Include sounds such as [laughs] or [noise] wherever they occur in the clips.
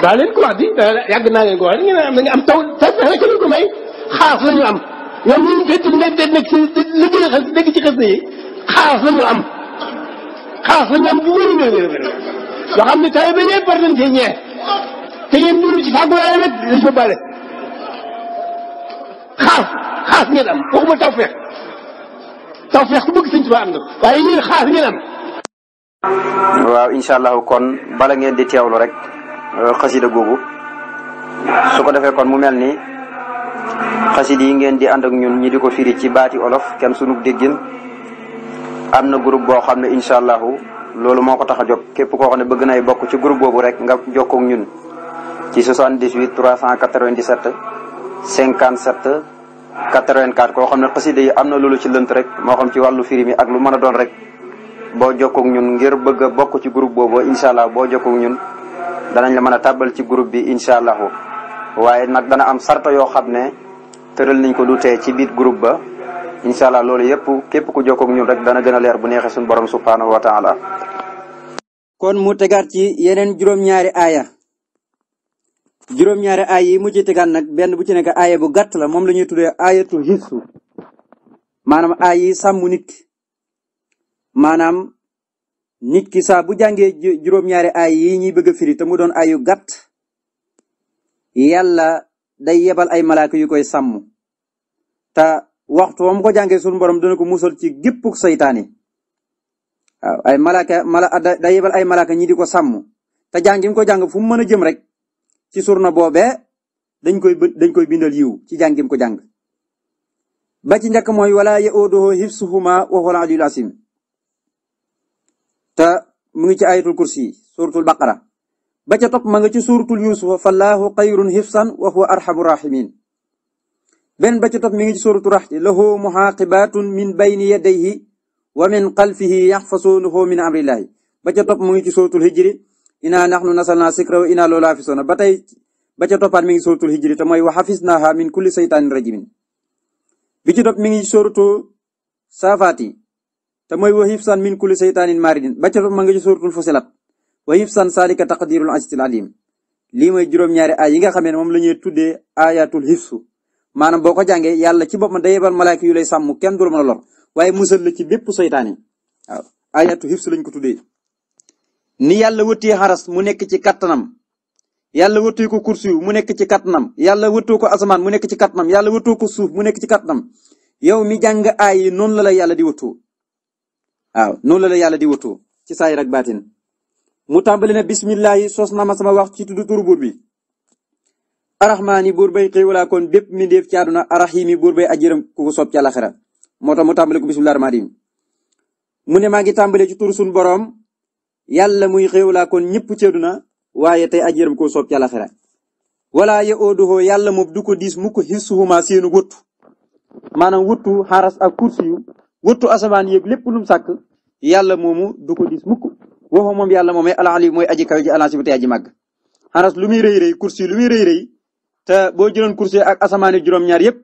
daa leen ko wax di yàgg naa leen ko wax da ngeen am da nga am taw dara am ñoom ci xas am xaas la ñu am te ngeen dund ci fàggu ko bale xaas xaas ngeen am waxuma taw feex taw feex na waaye ñun xaas ngeen am. waaw incha allahu kon bala ngeen di teewlu rek xasida googu su ko defee kon mu mel nii xasida yi ngeen di ànd ak ñun ñi di ko firi ci baati olof kenn sunu déggin am na groupe boo xam ne incha allahu loolu moo ko tax a jóg képp koo xam ne bëgg nay bokk ci groupe boobu rek nga jokkoog ñun ci 78 397 57 84 koo xam ne xasida yi am na loolu ci lënt rek moo xam ci wàllu firi mi ak lu mën a doon rek boo jokkoog ñun ngir bëgg a bokk ci group boobu incha allah boo jokkoog ñun danañ la mën a tàbbal ci groupe bi incha allahu waaye nag dana am sarta yoo xam ne tëral nañ ko du tee ci biir group ba incha allah loolu yëpp képp ku jokkoog ñun rek dana gën a leer bu neexee suñu borom subhaanahu wa taala kon mu tegaat ci yeneen juróom-ñaari aaya juróom-ñaari aaya yi mu ci tegaat nag benn bu ci nekk aaya bu gàtt la moom la ñuy tuddee aayatu hissu maanaam aaya yi sàmm nit ki maanaam nit ki saa bu jàngee juróom-ñaari aaya yi ñuy bëgg a firi te mu doon ayu yu gàtt yàlla day yebal ay malaaka yu koy sàmm te waxtu wam ko jàngee suñu borom dana ko musal ci géppuk seytaane ay malaaka mala day yebal ay malaaka ñi di ko sàmm te jàng ko jàng fu mu mën a jëm rek ci surna boobe dañ koy dañ koy bindal yiw ci jàngim ko jàng ba ci njakk mooy wala yauduhu hifsuhuma wa huwal aliyyul azim te mu ngi ci ayatul kursi suratul baqara ba ca topp ma nga ci suuratul yusufa fallaahu xayrun hifsan wa huwa arhamu rahimin benn ba ca topp mi ngi ci suuratu raxti lahu muxaaqibaatun min bayni yadayhi wa min xalfihi yaxfasuunahu min amrillahi ba ca topp mu ngi ci suuratul hijri inaa naxnu nasalna sikra wa inaa loolu xaafisona ba tey ba ca toppaat mi ngi suuratul hijri te mooy wa xafisnaaha min kulli saytaanin rajimin bi ci topp mi ngi ci suuratu saafaati te mooy wa hifsan min kulli saytaanin maaridin ba ca topp ma nga ci suuratul wa hifsan salika taqdirul azizil alim lii mooy juróom-ñaari ay yi nga xamee ne moom la ñuy tuddee ayatul hifsu maanaam boo ko jàngee yàlla ci boppam day yebal malaaka yu lay sàmm kenn du la mën a lor waaye musal la ci bépp seytaane waaw ayatu hifsu lañ ko tuddee ni yàlla wëttee xaras mu nekk ci kattanam yàlla wëttee ko kursi mu nekk ci kattanam yàlla wëttoo ko asamaan mu nekk ci kattanam yàlla wëttoo ko suuf mu nekk ci kattanam yow mi jàng aay yi noonu la la yàlla di wëttoo waaw noonu la la yàlla di wëttoo ci saayir ak baatin mu tàmbali ne bismillahi sos na ma sama wax ci tuddu turu buur bi arahmaani buur bay xéewalaa kon bépp mbindeef ci àdduna arahimi buur bay ajiram ku ko soob ci alaxira moo tax mu tàmbali ko bismillahi rahmaani rahim mu ne maa ngi tàmbalee ci turu suñu boroom yàlla muy xéewalaa kon ñëpp ci àdduna waaye tey ajiram ku ko soob ci alaxira wala ya ooduhoo yàlla moo du diis mu ko xisuhuma seenu wëttu maanaam wëttu xaras ak kursi asamaan yéeg lépp lu mu sàkk yàlla moomu du ko diis mukk waxoo moom yàlla moom al ali mooy aji kawe ji al azim te aji màgg muy rëy rëy kursi lu muy rëy rëy te boo jëloon kursi ak asamaan yu juróom-ñaar yëpp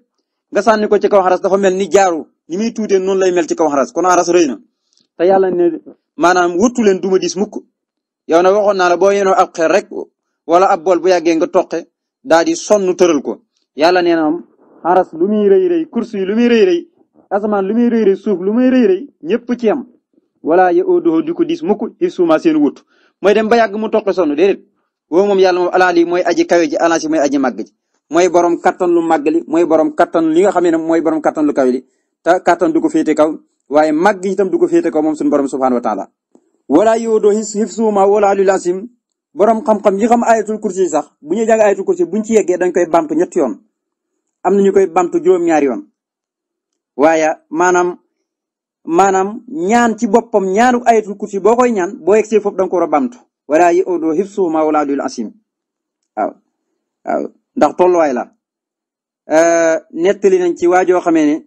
nga sànni ko ci kawa xaras dafa mel ni jaaru ni muy tuutee noonu lay mel ci kaw xaras kon xaras rëy na te yàlla ne maanaam wëttu leen duma dis mukk yow na waxoon naa la boo yenoo ab xeer rek wala a bool bu yàggee nga toqe daa di sonn tëral ko yàlla nee na moom xaras lu muy rëy rëy kursi lu muy rëy rëy asamaan lu muy rëy suuf lu muy rëy rëy ñëpp ci am wala ya odoho di ko diis mukk il suuma seen wut mooy dem ba yàgg mu toqi sonn déedéet moom yàlla alaali mooy aji kawe alaasi mooy aji màgg ji borom kattan lu màgg li mooy borom kattan li nga xam ne mooy borom kattan lu kawe li te kattan du ko féete kaw waaye màgg itam du ko kaw moom suñu borom subhaanahu wa taala wala yoodoo xif suuma wala lu lasim borom xam-xam yi xam ayatul kursi sax bu ñuy jàng ayatul kursi buñ ci yeggee dañ koy bamtu ñetti am na ñu koy bamtu juróom-ñaari yoon maanaam ñaan ci boppam ñaanu ayatul kursi boo koy ñaan boo yegsee foofu da nga ko war a bamtu yi odoo hifsu ma wala dul asim ndax tolluwaay la euh, nettali nañ ci waa joo xamee ne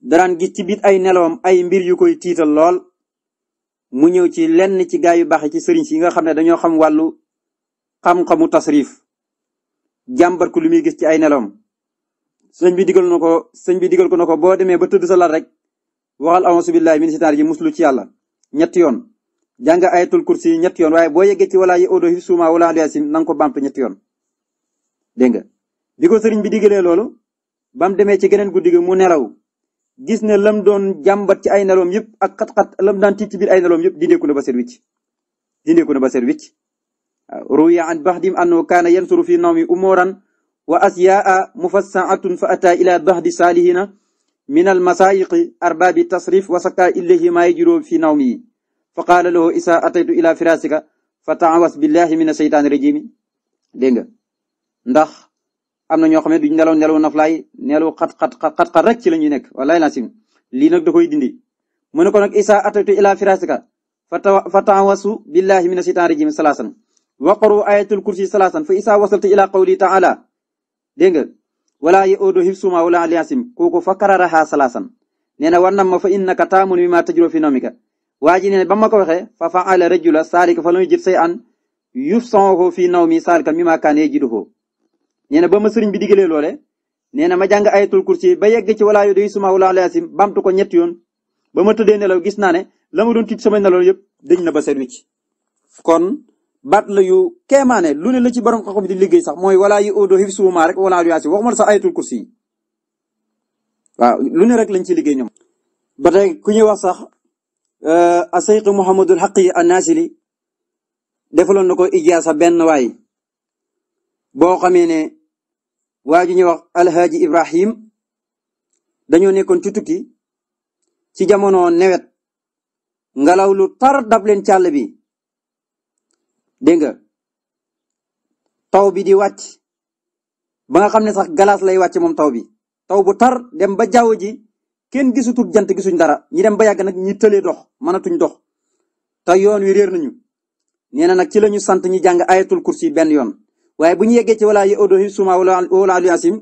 daraan gis ci biit ay nelawam ay mbir yu koy tiital lool mu ñëw ci lenn ci gaay yu baax ci sëriñ si yi nga xam ne dañoo xam wàllu xam-xamu tasrif jàmbat ko lu muy gis ci ay nelawam sëñ bi digal na ko sëñ bi digal ko na ko boo demee ba tëdd sa rek waxal a'uuzu billaahi min seytaani ji muslu ci yàlla ñetti yoon jàng ayatul kursi yi ñetti yoon waaye boo yeggee ci wala yi odo yi suuma wala andi asim na nga ko bamtu bi ko sëriñ bi digalee loolu ba mu demee ci geneen guddi gi mu nelaw gis ne lam doon jàmbat ci ay nelawam yëpp ak xat-xat lam daan tiit ay nelawam yëpp dindeeku na ba set wicc dindeeku na ba set wicc ruwiya an baxdim annahu kaana yansuru fi nawmi umuran wa asyaa mufassa'atun fa ataa ila baxdi saalihina minal masaayiqi arbaabi tasrif wa sakaa ilayhi maa yajiru fi nawmi fa qaala lahu isaa ataytu ila firaasika fa taawas billahi mina seytaani rajiimi dégg nga ndax am na ñoo xam ne duñ nelaw nelaw naflaay nelaw xat xat xat xat rek ci la ñuy nekk wallaay laa sim lii nag da koy dindi mu ne ko nag isaa ataytu ila firaasika fa taawasu billahi mina seytaani rajiimi salaasan waqaru ayatul kursi salaasan fa isaa wasaltu ila qawli taala dégg wala yaudu hifsuma wala aliasim kooku fa kararaha salaasan nee na war na ma fa innaka taamun bi ma tajro fi nomika waa ji ne ba ma ko waxee fa faala rajula saalika fa la muy jët say an yuf sonko fii naw mi saalika mi ma kaan yajiduhu nee na ba ma sëriñ bi digalee loole nee na ma jàng ayatul kursi ba yegg ci wala yaudu hifsuma wala bam tu ko ñetti yoon ba ma tëddee nelaw gis naa ne la ma doon tiit sama nelaw yëpp dañ na ba set wicc baat la yu keemaane lu ne la ci borom xam-xam di liggéey sax mooy wala yu odo hifsuhuma rek wala yu yaasi waxuma sax ayatul kursi yi waaw rek lañ ci liggéey ñoom. ba tey ku ñuy wax sax euh, asayqi Muhammadul Xaqi Annaasili defaloon na ko ijaasa benn waay boo xamee ne waa ji ñuy wax Alhaji Ibrahim dañoo nekkoon ci tukki ci jamono nawet ngelaw lu tar dab leen càll bi. dégg nga taw bi di wàcc ba nga xam ne sax glace lay wàcc moom taw bi taw bu tar dem ba jaww ji kenn gisutul jant gisuñ dara ñi dem ba yàgg nag ñi tëlee dox mënatuñ dox te yoon wi réer nañu nee na nag ci la ñu sant ñu jàng ayatul kursi benn yoon waaye bu ñu yeggee ci wala yauduhu suma wala aliyyul aziim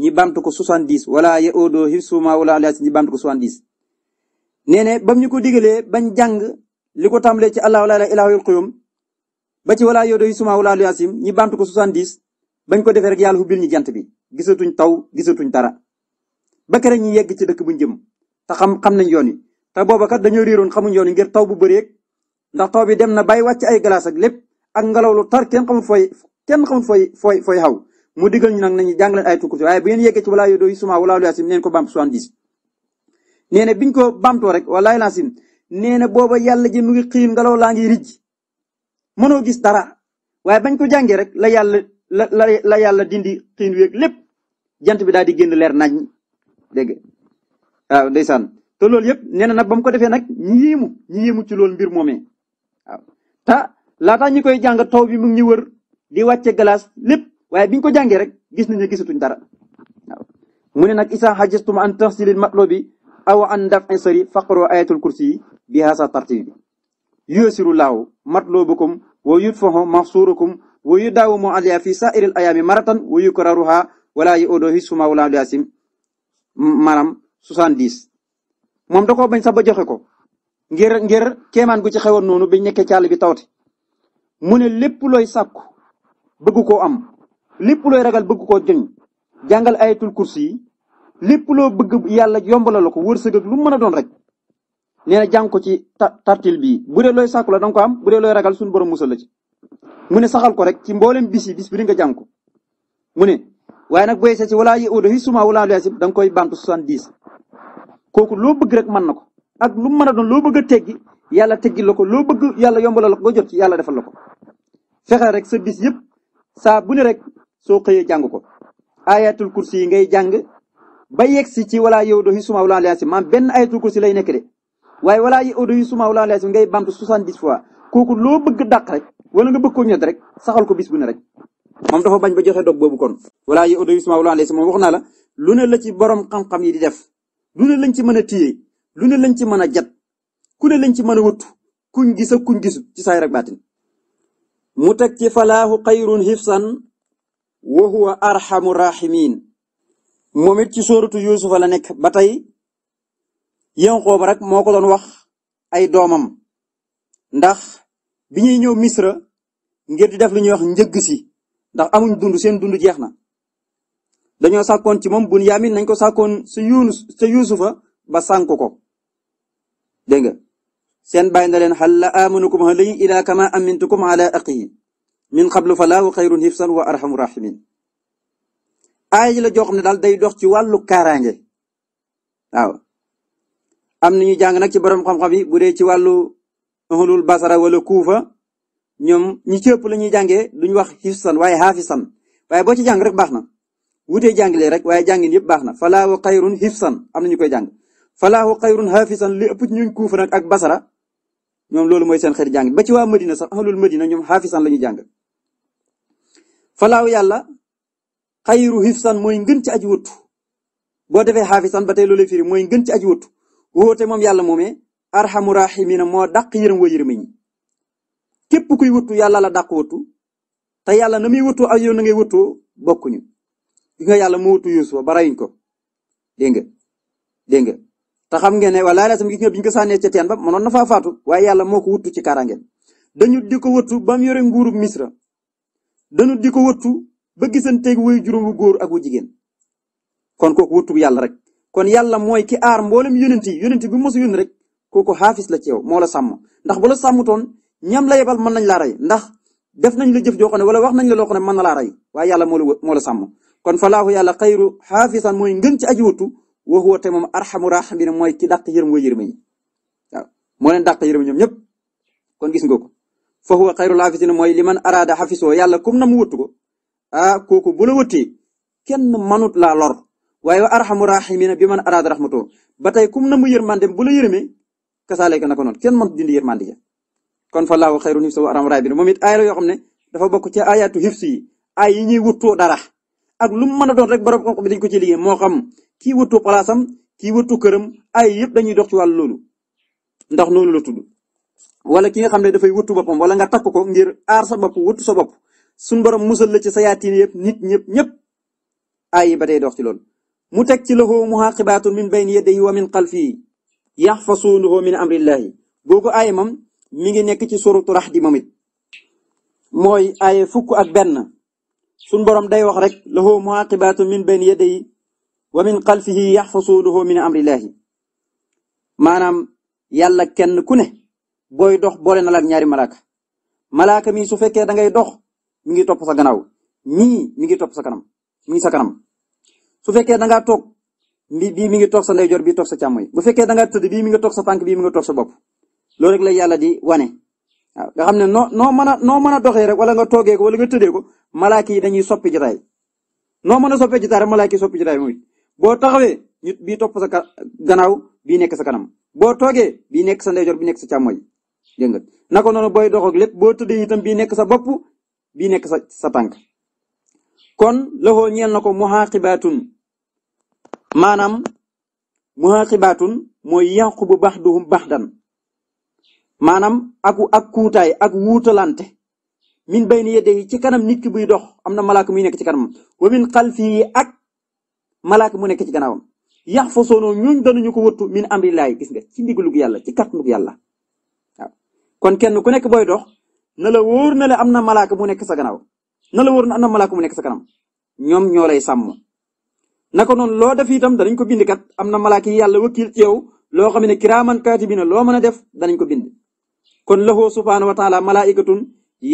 ñi bamtu ko 70 wala yauduhu suma wala aliyyul aziim ñi bamtu ko 70 nee ne bam ñu ko digalee bañ jàng li ko tàmbalee ci allahu laa ilaaha illal qayyuum ba ci walaa yoo doy suma walaa lu yaasim ñi bantu ko 70 bañ ko defee rek yàlla hubbil ñi jant bi gisatuñ taw gisatuñ dara ba kere ñi yegg ci dëkk bu ñu jëm te xam xam nañ yoon yi te booba kat dañoo réeroon xamuñ yoon yi ngir taw bu bëreeg ndax taw bi dem na bay wàcc ay glace ak lépp ak ngelaw lu tar kenn xamul fooy kenn xamul fooy fooy fooy xaw mu digal ñu nag nañu jàng leen ay tukkute waaye bu ngeen yeggee ci walaa yoo doy suma walaa lu yaasim neen ko bamtu 70 nee na biñ ko bamtoo ngelaw laa ngi rijj mënoo gis dara waaye bañ ko jàngee rek la yàlla la la la yàlla dindi xiin weeg lépp jant bi daal di génn leer nañ dégg waaw ndeysaan te loolu yëpp nee na nag ba ko defee nag ñu yéemu ñu yéemu ci lool mbir moomee waaw te laataa koy jàng toow bi mu ngi ñu wër di wàcce glace lépp waaye biñ ko jàngee rek gis nañu gisatuñ dara waaw mu ne nag isa hajjastum an tahsilil matlubi aw an daf'i sari faqro ayatul kursi yi bi haasa tartibi yusiru laahu matlubukum wa yudfahu mahsurukum wa yudawamu alayha fi sa'iri al ayami maratan wa yukraruha wala yudohi suma wala liasim maanaam 70 moom da koo bañ sax ba joxe ko ngir ngir kemaan gu ci xewoon noonu biñ nekkee càll bi tawte mu ne lépp looy sàkku bëgg koo am lépp looy ragal bëgg koo joñ jàngal ayatul kursi yi lépp loo bëgg yàlla yombalal la ko wërsëg ak lu mën a doon rek nee na jàng ko ci tartil bi bu dee looy sàkku la danga ko am bu dee looy ragal suñu borom musal la ci. mu ne saxal ko rek ci mboolem bis yi bis bi nga jàng ko mu ne waaye nag booy seet si wala yi odo yi suma wala da nga koy bantu 70. kooku loo bëgg rek mën na ko ak lu mën a loo bëgg a teggi yàlla teggi la ko loo bëgg yàlla yombalal la ko jot ci yàlla defal la ko. fexe rek sa bis yëpp saa bu ne rek soo xëyee jàng ko ayatul kursi yi ngay jàng ba yegg si ci wala yow do hisuma wala aliasi maam benn ayatul kursi lay nekk de waaye walaa yi audo yu suma wala lay ngay bamtu soixante-dix fois kooku loo bëgg dàq rek wala nga bëgg koo ñot rek saxal ko bis bu ne rek moom dafa bañ ba joxe dog boobu kon walaa yi audo yu ma wala lay moom wax naa la lu ne la ci borom xam-xam yi di def lu ne lañ ci mën a téye lu ne lañ ci mën a jat ku ne lañ ci mën a wëttu ku gis ak kuñ gisu ci saay rek baatin mu teg ci falaahu xayrun hifsan wa huwa arhamu rahimin moom it ci sóoratu yuusufa la nekk ba tey Yanqoob rek moo ko doon wax ay doomam ndax bi ñuy ñëw misra ngir di def lu ñuy wax njëgg si ndax amuñ dund seen dund jeex na dañoo sàkkoon ci moom Bunyamin nañ ko sàkkoon sa Yunus Yusufa ba sànk ko dégg nga seen bàyyi na leen hal amanukum alayhi ila kama amintukum ala aqihi min qablu falaahu xayrun hifsan wa arhamu rahimin aaya ji la joo xam ne daal day dox ci wàllu kaaraange waaw am na ñu jàng nak ci borom xam-xam yi bu dee ci wàllu ahlul basara wala kuufa ñoom ñu ci ëpp la ñuy jàngee duñ wax xifsan waaye xaafisan waaye boo ci jàng rek baax na wutee jàngilee rek waaye jàngin yëpp baax na falaahu xayrun xifsan am na ñu koy jàng falaahu xayrun xaafisan li ëpp ñuñ kuufa ak basara ñoom loolu mooy seen xeeti jàng ba ci waa Madina sax ahlul Madina ñoom xaafisan la ñuy jàng falaahu yàlla xayru xifsan mooy ngën ci aji wut boo defee xaafisan ba tey loolu firi mooy ngën ci aji wut wóote moom yàlla moomee arhamu rahimina moo dàq yërëm wa yërëm ñi képp kuy wëttu yàlla la dàq wëttu te yàlla na muy wëttoo ak yow na ngay wëttoo bokkuñu gis nga yàlla moo wëttu Yuusufa ba ko dégg nga dégg nga te xam ngeen ne walaay la bi ko sànnee ca teen ba mënoon na faa faatu waaye yàlla moo ko wëttu ci kaaraangeem dañu di ko wëttu ba mu yore nguurub Misra dañu di ko wëttu ba gisanteeg woy juróom wu góor ak wu jigéen kon kooku wëttu yàlla rek kon yàlla mooy ki aar mboolem yonent yi yonent bi mos yónni rek kooku xaafis la ci yow moo la sàmm ndax bu la sàmmutoon ñam la yebal mën nañ laa rey ndax def nañ la jëf joo xam ne wala wax nañ la loo xam ne mën na laa rey waaye yàlla moo la moo la sàmm kon falaahu yàlla xayru xaafisan mooy ngën ci aji wutu wa huwa te moom arxamu raaximiin mooy ki dàq yërëm way yërëm yi waaw moo leen dàq yërëm ñoom ñëpp kon gis nga ko fa huwa xayrul xaafisin mooy li man araada xafisoo yàlla kum na mu wëttu ko ah, kooku bu la wëttee kenn manut laa lor waaye wa arhamu rahimina bi man araada rahmatu ba tey kum na mu yërmandem bu la yërëmee kasaaleyka na ko noonu kenn mënut dindi yërmande ja kon fa laahu xayrun hifsan wa arhamu raahimiin moom it aay la yoo xam ne dafa bokk ci ayaatu hifsi yi aay yi ñuy wuttoo dara ak lu mu mën a doon rek borom xam-xam bi dañ ko ci liggéey moo xam kii wuttoo palaasam kii wuttoo këram ay yëpp dañuy dox ci wàllu loolu ndax noonu la tudd wala ki nga xam ne dafay wuttu boppam wala nga takk ko ngir aar sa bopp wuttu sa bopp suñ borom musal la ci sa yaatiin yëpp nit ñëpp ñëpp aay yi ba day dox ci loolu mu teg ci lahu muhaqibatun min bayni yadayhi wa min xalfihi yaxfasuunahu min amrillahi googu aaya moom mi ngi nekk ci suratu rax di moom mooy aaya fukk ak benn suñ borom day wax rek lahu muhaqibatun min bayni yadayhi wa min xalfihi yaxfasuunahu min amrillahi maanaam yàlla kenn ku ne booy dox boole na la ñaari malaaka malaaka mi su fekkee da ngay dox mi ngi topp sa gannaaw ñii mi ngi topp sa kanam mi ngi sa kanam su fekkee da ngaa toog bi bii mi ngi toog sa ndeyjoor bii toog sa càmmoñ bu fekkee da ngaa tëdd bii mi ngi toog sa tànk bii mi toog sa bopp loolu rek la yàlla di wane waaw nga xam ne noo noo mën a noo mën a doxee rek wala nga toogee ko wala nga tëdde ko malaaka yi dañuy soppi jotaay noo mën a soppee jotaay rek malaaka yi soppi jotaay moom it boo taxawee bi bii topp sa gannaaw bi nekk sa kanam boo toogee bi nekk sa ndeyjoor bi nekk sa càmmoñ dégg nga naka noonu booy dox ak lépp boo tëddee itam bii nekk sa bopp bii nekk sa sa tànk maanaam muaqibatun mooy yàqu bu baax duhum baax dan maanaam aku ak kuutaay ak wuutalante min bayni yedde ci kanam nit buy dox am na malaak muy nekk ci kanam wa min xalfi ak malaaka mu nekk ci gannaawam yax fa soonoo ñooñ danañu ko wëttu min amrilaay gis nga ci ndigalug yàlla ci kàttanug yàlla waaw kon kenn ku nekk booy dox na la wóor na la am na malaak mu nekk sa ganaaw na la wóor na am na malaaka mu nekk sa kanam ñoom ñoo lay sàmm naka noonu loo def itam danañ ko bind kat am na malaaka yi yàlla wakiil ci yow loo xam ne kiraaman kaatibiina loo mën a def danañ ko bind. kon lahu subhaanahu wa taala malaaikatun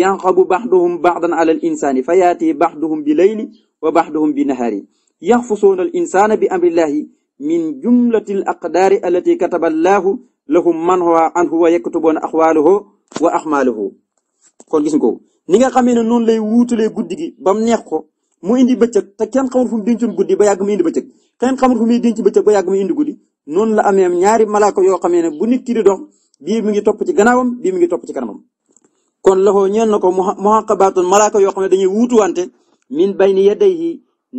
yanxabu baxduhum baxdan ala al insaani fa yaati baxduhum bi layli wa baxduhum bi nahaari yaxfusuuna al insaana bi amrillahi min jumlati al aqdaari allati kataba allahu lahum man huwa anhu wa yaktubuuna axwaaluhu wa axmaaluhu kon gis nga ko ni nga xamee ne noonu lay wuutalee guddi gi ba mu neex ko. mu indi bëccëg te kenn xamul fu mu dencoon guddi ba yàgg mu indi bëccëg kenn xamul fu muy denc bëccëg ba yàgg mu indi guddi noonu la amee ñaari malaaka yoo xamee ne bu nit ki dox bii mi ngi topp ci gannaawam bi mi ngi topp ci kanamam. kon loxo ñeen na ko muhaqabaatun malaaka yoo xam ne dañuy wuutuwante min bayni yadayhi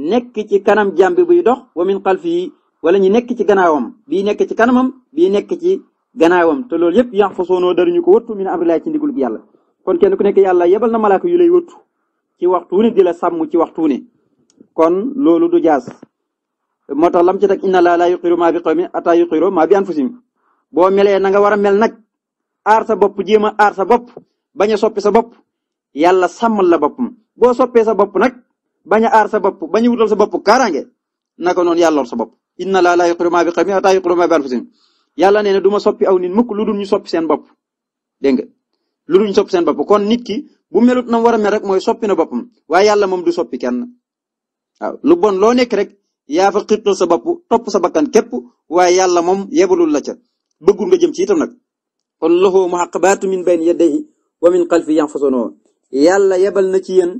nekk ci kanam jàmbi buy dox wa min xalfihi wala ñu nekk ci gannaawam bii nekk ci kanamam bii nekk ci gannaawam loolu yëpp yàq fa soonoo dara ndigul yàlla kon kenn ku nekk yàlla yebal na malaaka yu lay wëttu ci waxtu ne di la sàmm ci waxtu ne kon loolu du jaas moo tax lam ci teg inna laa laa yuqiru maa bi qawmi ataa yuqiru maa bi anfusihim boo melee na war a mel nag aar sa bopp jéem a aar sa bopp bañ a soppi sa bopp yàlla sàmmal la boppam boo soppee sa bopp nag bañ aar sa bopp bañ a wutal sa bopp kaaraange naka noonu yàlla sa bopp. inna laa laa yuqiru maa bi qawmi ataa yuqiru maa bi anfusihim yàlla nee na du soppi aw nit mukk lu dul ñu soppi seen bopp dégg nga lu seen bopp kon nit bu melut na wara a mel rek mooy soppi na boppam waaye yàlla moom du soppi kenn waaw lu bon loo nekk rek yaa fa xirtal sa bopp topp sa bakkan képp waaye yàlla moom yebalul la ca bëggul nga jëm ci itam nag kon lahu muhaqqabaatu min bayni yadayhi wa min xalfi yanfasunoo yàlla yebal na ci yéen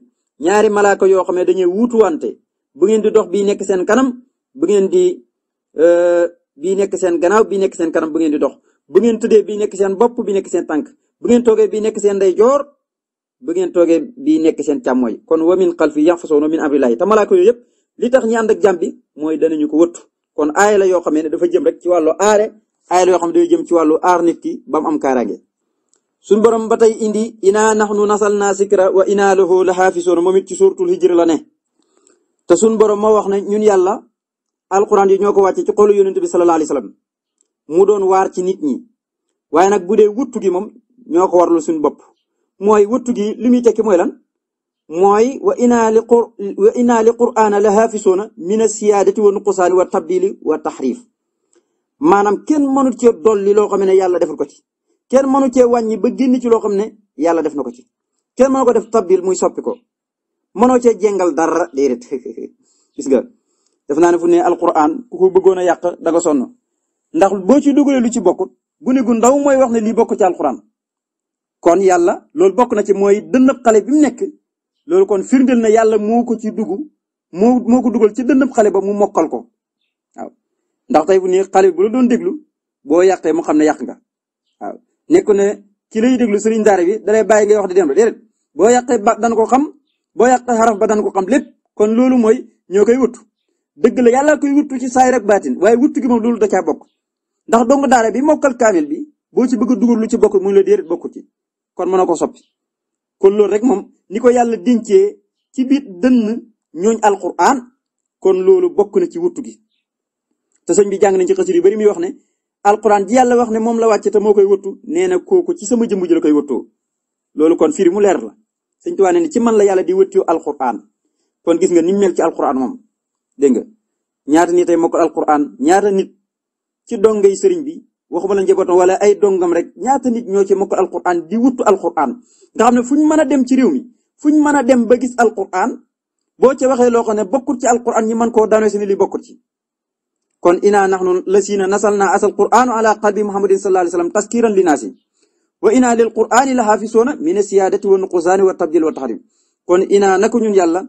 ñaari malaaka yoo xam ne dañuy wuutuwante bu ngeen di dox bii nekk seen kanam bu ngeen di euh, bii nekk seen ganaaw bi nekk seen kanam bu ngeen di dox bu ngeen bi bii nekk seen bopp bi nekk seen tànk bu ngeen bii nekk seen ndeyjoor bu ngeen toogee bii nekk seen càmmooy kon wa min xalfi yaxfasoona min amrillahi te malaaka yooyu yëpp li tax ñi ànd ak jàmm bi mooy danañu ko wëttu kon aaya la yoo xamee ne dafa jëm rek ci wàllu aare aaya la yoo xam ne dafa jëm ci wàllu aar nit ki ba mu am kaaraange suñ borom ba tey indi inaa naxnu nasal naa sikra wa inaa lahu la xaafisoona moom it ci suuratul hijr la ne te suñ borom moo wax ne ñun yàlla alquran yi ñoo ko wàcce ci xolu yonent bi sallallahu alayhi wasallam mu doon waar ci nit ñi waaye nag bu dee wuttu gi moom ñoo ko warlu bopp mooy wuttu gi li muy tekki mooy lan mooy wa inaa li qur wa inaa li qur'aana la haafisuuna min asiyaadati wa nuqsaani wa tabdili wa taxriif maanaam kenn mënu cee dolli loo xam ne yàlla deful ko ci kenn mënu ce wàññi ba génn ci loo xam ne yàlla def na ko ci kenn mënu ko def tabdil muy soppi ko mënoo cee jengal dara déedéet [laughs] gis nga def naa ne fu ne alquran ku ko bëggoon a yàq da nga sonn ndax boo ci dugalee lu ci bokkut gune gu ndaw mooy wax ne lii bokk ci alquran kon yàlla loolu bokk na ci mooy dënnab xale bi mu nekk loolu kon firndeel na yàlla moo ko ci dugg moo moo ko dugal ci dënnab xale ba mu mokkal ko waaw ndax tey bu nii xale bu la doon déglu boo yàqee mu xam ne yàq nga waaw nekku ne ki lay déglu sëriñ daara bi dalay bàyyi ngay wax di dem rek boo yàqee ba dan ko xam boo yàqee xaraf ba dan ko xam lépp kon loolu mooy ñoo koy wut dëgg la yàlla koy ci saay rek baatin waaye wuttu gi moom loolu da caa bokk ndax dong daara bi mokkal kaamil bi boo ci bëgg a dugal lu ci bokk mu la déedéet bokk ci kon mënoo ko soppi kon loolu rek moom ni ko yàlla dince ci biir dënn ñooñ alquran kon loolu bokk na ci wuttu gi te sëñ bi jàng na ci xasir yu bari muy wax ne alquran di yàlla wax ne moom la wàcce te moo koy wuttu nee na kooku ci sama jëmbu ji la koy wuttoo loolu kon firi mu leer la sëñ Tuubaa ne ci man la yàlla di wëttiyoo alquran kon gis nga ni mu mel ci alquran moom dégg nga ñaata nit ay mokkal alquran ñaata nit ci dongay sëriñ bi waxuma la njabootam wala ay dongam rek ñaata nit ñoo ci mokk alquran di wuttu alquran nga xam ne fu ñu mën a dem ci réew mi fu a dem ba gis alquran boo ca waxee loo xam ne bokkut ci alquran ñi mën koo daanoo si ne li bokkut ci. kon inaa naxnu lasiina nasal naa asal quraanu ala qalbi muhammadin sallallahu alayhi wa sallam taskiran li naasi wa inaa lil quraani la xaafisoona mina siyaadati wa nuqusaani wa tabdil wa taxrim kon inaa naka ñun yàlla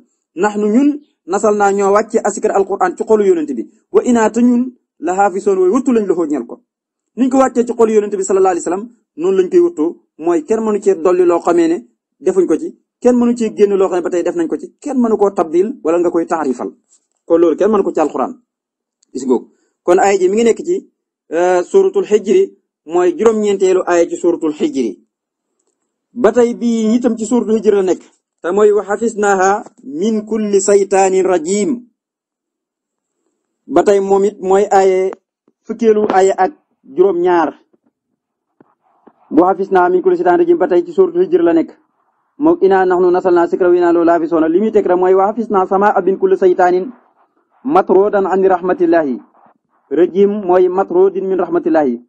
naxnu ñun nasal naa ñoo wàcce asikar alquran ci xolu yonent bi wa inaa te ñun la xaafisoon way wuttu lañ loxoo ñel niñ ko wàccee ci xol yonent bi sallallahu alayhi wasallam noonu lañ koy wutoo mooy kenn mënu cee dolli loo xamee ne defuñ ko ci kenn mënu ci génn loo xam ne ba tey def nañ ko ci kenn mënu koo tabdil wala nga koy taarifal kon loolu kenn mënu ko ci alxuraan gis nga kon aaya ji mi ngi nekk ci euh, suratul xijri mooy juróom-ñeenteelu aaya ci suratul xijri ba tey bii itam ci suratul xijri la nekk te mooy wa xafisnaha min kulli saytaanin rajim ba tey moom it mooy aaye fukkeelu aaye ak juróom-ñaar bu xafis naa min kulli seytaani rajim ba tey ci sóoratu hijr la nekk moog inaa nax nu nasal naa sikra wa inaa lahu laafisoona li muy teg rek mooy wa xafis naa sama abin kulli seytaanin matroodan an rahmatillahi rajim mooy matroodin min rahmatillahi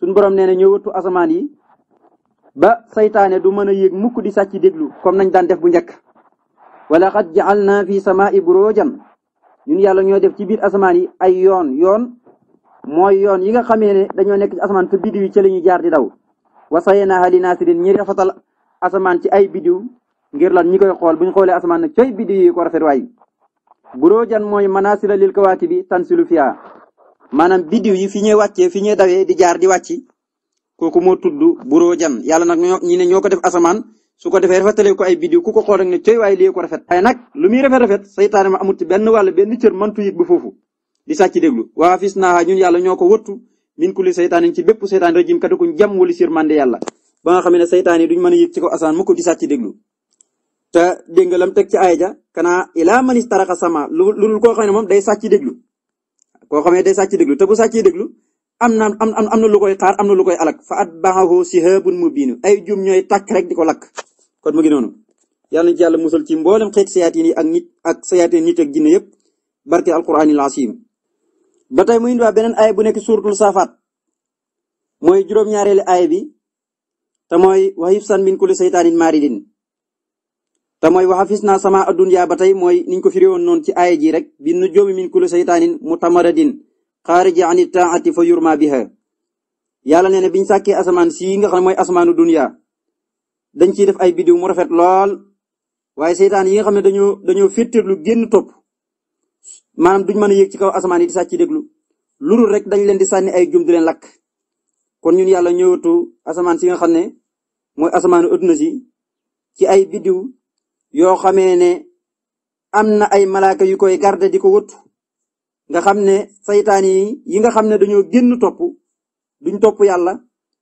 suñ borom nee na ñoo wëttu asamaan yi ba saytaane du mën a yéeg mukk di sàcc déglu comme nañ daan def bu njëkk wala xat jaal fi samaa'i buroojan ñun yàlla ñoo def ci biir asamaan yi ay yoon yoon mooy yoon yi nga xamee ne dañoo nekk ci asamaan te bidiw yi ci la ñuy jaar di daw wasayenaaha li naasirin ñi rafetal asamaan ci ay bidiw ngir lan ñi koy xool bu ñu xoolee asamaan nag coy bidiw yi ko rafet waay burujan mooy manasila lil kawaatibi tansilu fiya maanaam bidiw yi fi ñuy wàccee fi ñuy dawee di jaar di wàcc kooku moo tudd burujan yàlla nag ñi ne ñoo ko def asamaan su ko defee rafetalee ko ay bidiw ku ko xool rek ne coy waay ko rafet waaye nag lu muy rafet rafet saytaane ma amul ci benn wàll benn cër mantu yëg bu foofu di sàcc déglu waa fis naa ñun yàlla ñoo ko wëttu min kulli seytaanin ci bépp seytaan rajim katakuñ jàmm wala sirmande yàlla ba nga xam ne seytaan yi duñ mën a yëg ci ko asaan mukk di sàcc déglu te dégg nga lam teg ci aaya ja kana ilaa tara istaraxa sama lu lu koo xam ne moom day sàcc déglu koo xam ne day sàcc déglu te bu sàccee déglu am na am am na lu koy xaar am na lu koy alak fa atba'ahu mu mubiin ay jum ñooy tàkk rek di ko lakk kon mu ngi noonu yàlla na musal ci mboolem xeet sayaatin yi ak nit ak sayaatin nit ak jinne yëpp barke alquraanil asiim ba tey mu indiwaat beneen aay bu nekk suuratul saafaat mooy juróom-ñaareelu aay bi te mooy wa hifsan min kulli seytaanin maaridin te mooy wa hafisnaa sama addunyaa ba tey mooy niñ ko firiwoon noon ci aay ji rek bi nu joomi min kulli seytaanin mutamarradin xaariji ani taati fa yurma biha yàlla nee na biñ sàkkee asamaan sii nga xam ne mooy asamaanu dunyaa dañ ciy def ay biddiw mu rafet lool waaye seytaan yi nga xam ne dañoo dañoo féttéerlu génn topp maanaam duñ mën a yéeg ci kaw asamaan yi di sàcc déglu lu dul rek dañ leen di sànni ay jum di lakk kon ñun yàlla ñëwatu asamaan si nga xam ne mooy asamaanu adduna si ci ay biddiw yoo xamee ne am na ay malaaka yu koy garde di ko wëttu nga xam ne saytaan yi yi nga xam ne dañoo génn topp duñ topp yàlla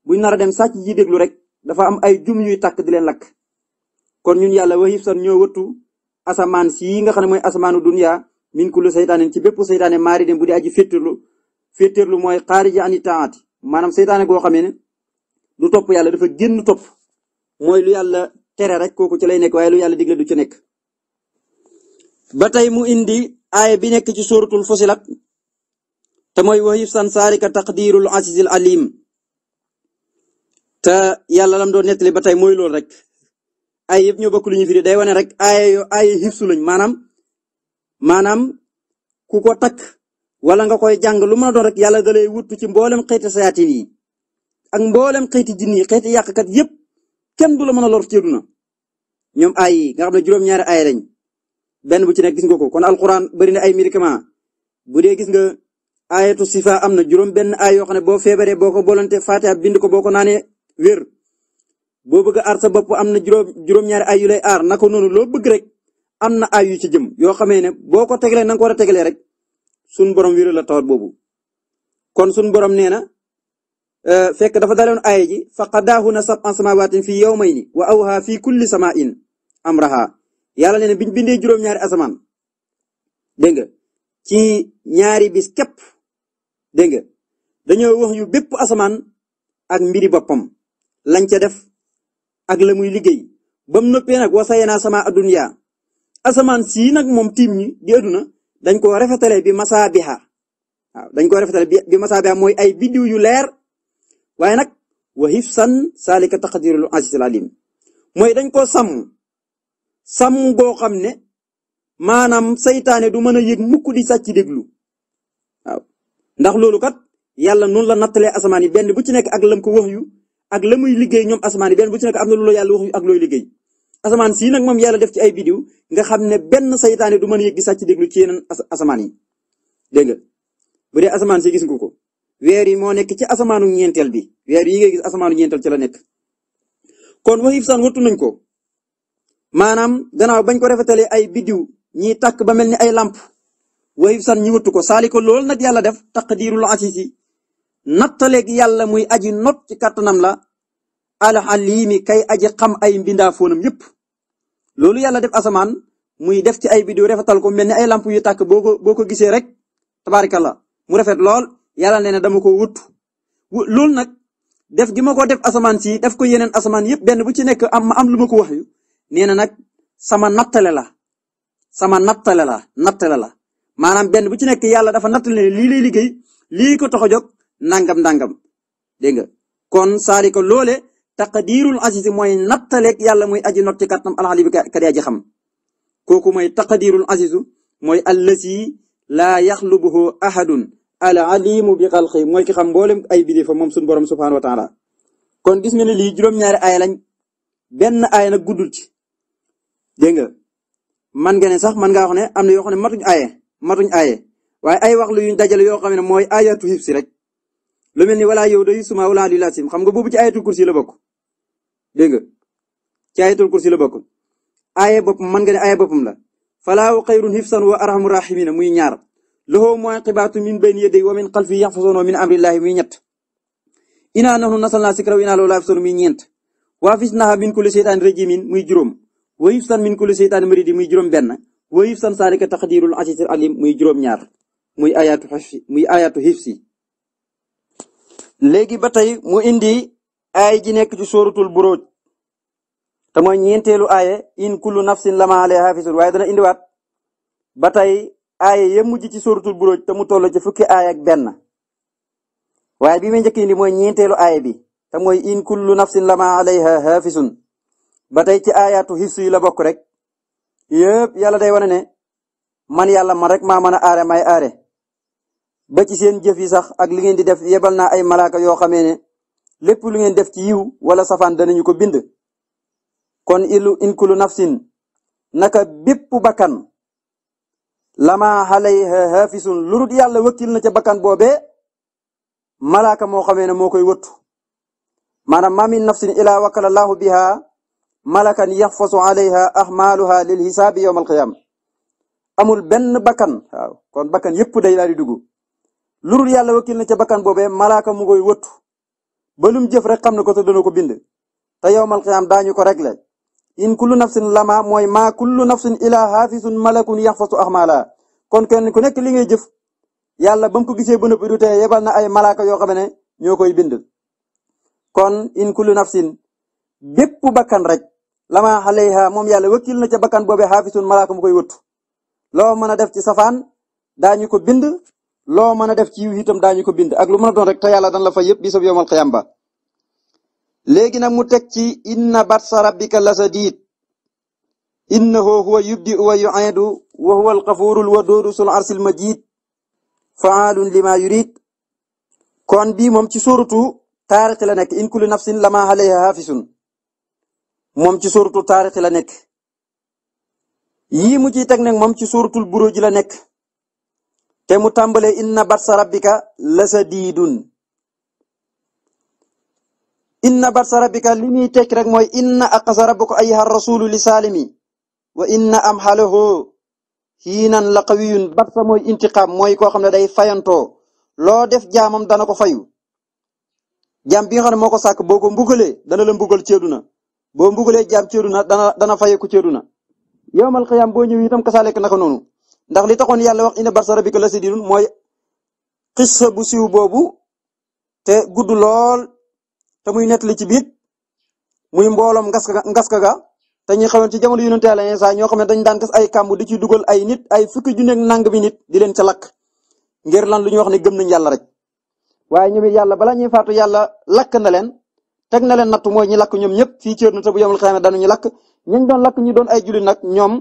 bu nara dem sàcc ji déglu rek dafa am ay jum ñuy takk di leen lakk kon ñun yàlla waxif san ñoo asamaan si yi nga xam ne mooy asamaanu duniya min kulli seytaanin ci bépp seytaane maari den bu di aji féttirlu féttirlu mooy xaariji ani taati maanaam seytaane goo xamee ne du topp yàlla dafa génn topp mooy lu yàlla tere rek kooku ci lay nekk waaye lu yàlla digle du ci nekk ba tey mu indi aaya bi nekk ci suratul fusilat te mooy wo hifsan saarika taqdirul azizil alim te yàlla lam doon nettali ba tey mooy loolu rek ay yëpp ñoo bokk lu ñu firi day wane rek aaya yo aaya hifsu lañ maanaam maanaam ku ko takk wala nga koy jàng lu mën doon rek yàlla da wut wuttu ci mboolem xeeti sayaatin yi ak mboolem xeeti jinni yi xeeti yàqkat yëpp kenn du la mën a lor ci àddina ñoom ay nga xam ne juróom-ñaari ay lañ benn bu ci nekk gis nga ko kon alquran bari na ay médicament bu dee gis nga ayatu sifa am na juróom benn ay yoo xam ne boo feebaree boo ko bolante fatiha bind ko boo ko naanee wér boo bëgg a sa bopp am na juróom juróom-ñaari ay yu lay aar naka noonu loo bëgg rek am na ay yu ci jëm yoo xamee ne boo ko tegalee nan nga ko a tegalee rek sunu borom wéral la tawat boobu. kon sunu borom nee na euh, fekk dafa daloon aaya ji fa qadaahunna sab'a samaawatin fi yawmayni wa awhaa fi kulli samaa'in amrahaa yàlla nee na biñ bindee juróom-ñaari asamaan dégg nga ci ñaari bis képp dégg nga dañoo wax yu bépp asamaan ak mbiri boppam lañ ca def ak la muy liggéey bam noppee nag wasayanaa sama addunyaa asamaan sii nag moom tiim ñi di àdduna dañ ko rafetale bi masaabiha waaw dañ koo rafetale bi masaabiha mooy ay biddiw yu leer waaye nag wa hifsan saalika taqdirul azizil alim mooy dañ koo sam sam goo xam ne maanaam seytaane du mën a yëg mukk di sàcc déglu waaw ndax loolu kat yàlla noonu la nattalee asamaan yi benn bu ci nekk ak lam ko wax yu ak la muy liggéey ñoom asamaan yi benn bu ci nekk am na lu la yàlla wax ak looy liggéey asamaan sii nag moom yàlla def ci ay bidiw nga xam ne benn saytaane du man a yëg di sàcc déglu ci yeneen asamaan yi dégg nga bu dee asamaan si gis nga ko weer yi moo nekk ci asamaanu ñeenteel bi weer yi nga gis asamaanu ñeenteel ci la nekk. kon wax ifsaan wattu nañ ko maanaam gannaaw bañ ko rafetalee ay bidiw ñiy takk ba mel ni ay làmp wax ifsaan ñi wattu ko saali ko lool nag yàlla def taqdiirul asiisi nattaleeg yàlla muy aji not ci kattanam la alxaliimi kay aji ay mbindaa foonam yépp loolu yàlla def asamaan muy def ci ay biddiw rafetal ko mel ni ay lamp yu tàkk boo ko boo ko gisee rek tabaarikàlla mu rafet lool yalla nee na dama ko wut. loolu nag def gi ma ko def asamaan si def ko yeneen asamaan yëpp benn bu ci nekk am ma am lu ma ko wax nee na nag sama nattale la sama nattale la nattale la maanaam benn bu ci nekk yàlla dafa nattale ne lii lay liggéey li ko tax a jóg nangam nangam dégg kon saari ko taqdirul aziz mooy nattaleeg yàlla muy aji not ci kàttanam alxalibi kadi aji xam kooku mooy taqdirul azizu mooy allazi laa yaxlubuhu ahadun al alimu bi xalqi mooy ki xam mboolem ay bideefa moom suñu borom subhaanahu wa taala kon gis nga ne lii juróom-ñaari aaya lañ benn aaya nag guddul ci dégg nga man nga ne sax man ngaa wax ne am na yoo xam ne matuñ aaye matuñ aaye waaye ay wax lu yuñ dajale yoo xam ne mooy ayatu hib si rek lu mel ni wala yow suma wala di xam nga boobu ci ayatu kursi la bokk dégg nga ci kursi la bokk aaya boppam mën nga ne aaya boppam la falaahu xayrun hifsan wa arhamu rahimina muy ñaar lahu muqibaatu min bayni yadayhi wa min xalfi yaxfasunahu min amrillahi muy ñett inaa nahnu nasalna sikra wa inaa lahu laafisun muy ñeent waafisnaha min kulli seytaani rajimin muy juróom wa hifsan min kulli seytaani maridi muy juróom benn wa hifsan saalika taqdirul asiisil alim muy juróom ñaar muy ayaatu hifsi muy ayaatu hifsi léegi ba tey mu indi aay ji nekk ci sóoratul buruuj te mooy ñeenteelu aaye in kullu nafsin lama alayha hafisun waaye dana indiwaat ba tey aaye ya mujj ci sóoratul buruuj te mu toll ci fukki aaye ak benn waaye bi may njëkk indi mooy ñeenteelu aaye bi te mooy in kullu nafsin lama alayha hafisun ba tey ci aayaatu hifsu yi la bokk rek yëpp yàlla day wane ne man yàlla man rek maa mën a aare may aare ba ci seen jëf sax ak li ngeen di def yebal na ay malaaka yoo xamee lépp lu ngeen def ci yiw wala safaan danañu ko bind kon ilu inkulu nafsin naka bépp bakkan lama alayha hafisun lurut yàlla wëkkil na ca bakkan boobee malaaka moo xamee ne moo koy wëttu maanaam ma min nafsin ila wakala laahu biha malakan yaxfasu alayha ahmaaluha lil xisaabi yowm alqiyaama amul benn bakkan waaw kon bakkan yépp day daal di dugg lurut yàlla wëkkil na ca bakkan boobee malaaka mu koy wëttu ba lum jëf rek xam na ko te ko bind te yowmal qiyaam daañu ko réglé in kullu nafsin lama mooy maa kullu nafsin ilaa xaafisun malakun yaxfasu ahmaala kon kenn ku nek li ngay jëf yàlla ba ko gisee ba noppi du tee yebal na ay malaaka yoo xam ne ñoo koy bind kon in kullu nafsin bépp bakkan rek lama alayha moom yàlla wakkil na ca bakkan boobee xaafisun malaaka mu koy wëttu loo mën a def ci safaan daañu ko bind loo mën a def ci yiw itam daañu ko bind ak lu mën a doon rek te dan la fa yëpp bisab yowmal qiyaam ba léegi nag mu teg ci inna batsa rabbika la sadid innahu huwa yubdi'u wa yu'idu wa huwa al-ghafurul wadudu sul arsil majid fa'aalun lima yurid kon bii moom ci suuratu taarix la nekk in kullu nafsin lama alayha hafisun moom ci suuratu la nekk yii mu ciy teg nag moom ci suuratul buruj la nekk te mu tàmbalee inna batsa rabbika la sadiidun inna batsa rabbika li muy tekki rek mooy inna aqasa rabbuka ayyuha rasulu li saalimi wa inna am xalahu hiinan la qawiyun batsa mooy intiqaam mooy koo xam ne day fayantoo loo def jaam dana ko fayu jaam bi nga xam ne moo ko sàkk boo ko mbugalee dana la mbugal ceeduna boo mbugalee jaam ceeduna dana dana fayeku ceeduna yowmal qiyaam boo ñëw itam kasaalek naka noonu ndax li taxoon yàlla wax inna barsa rabbika la sididun mooy xissa siw siiw boobu te gudd lool te muy nettali ci biir muy mbooloom ngaska ngaska ga te ñi xamoon ci jamono yonente yàlla Iisaa ñoo xam ne dañ daan tas ay kàmb di ci dugal ay nit ay fukki junne ak bi nit di leen ca lakk ngir lan lu ñuy ne gëm nañ yàlla rek waaye ñoom it yàlla bala ñuy faatu yàlla lakk na leen teg na leen natt mooy ñi lakk ñoom ñëpp ci na te bu yomul xayma danu ñu lakk ñañ doon lakk ñu doon ay julli nag ñoom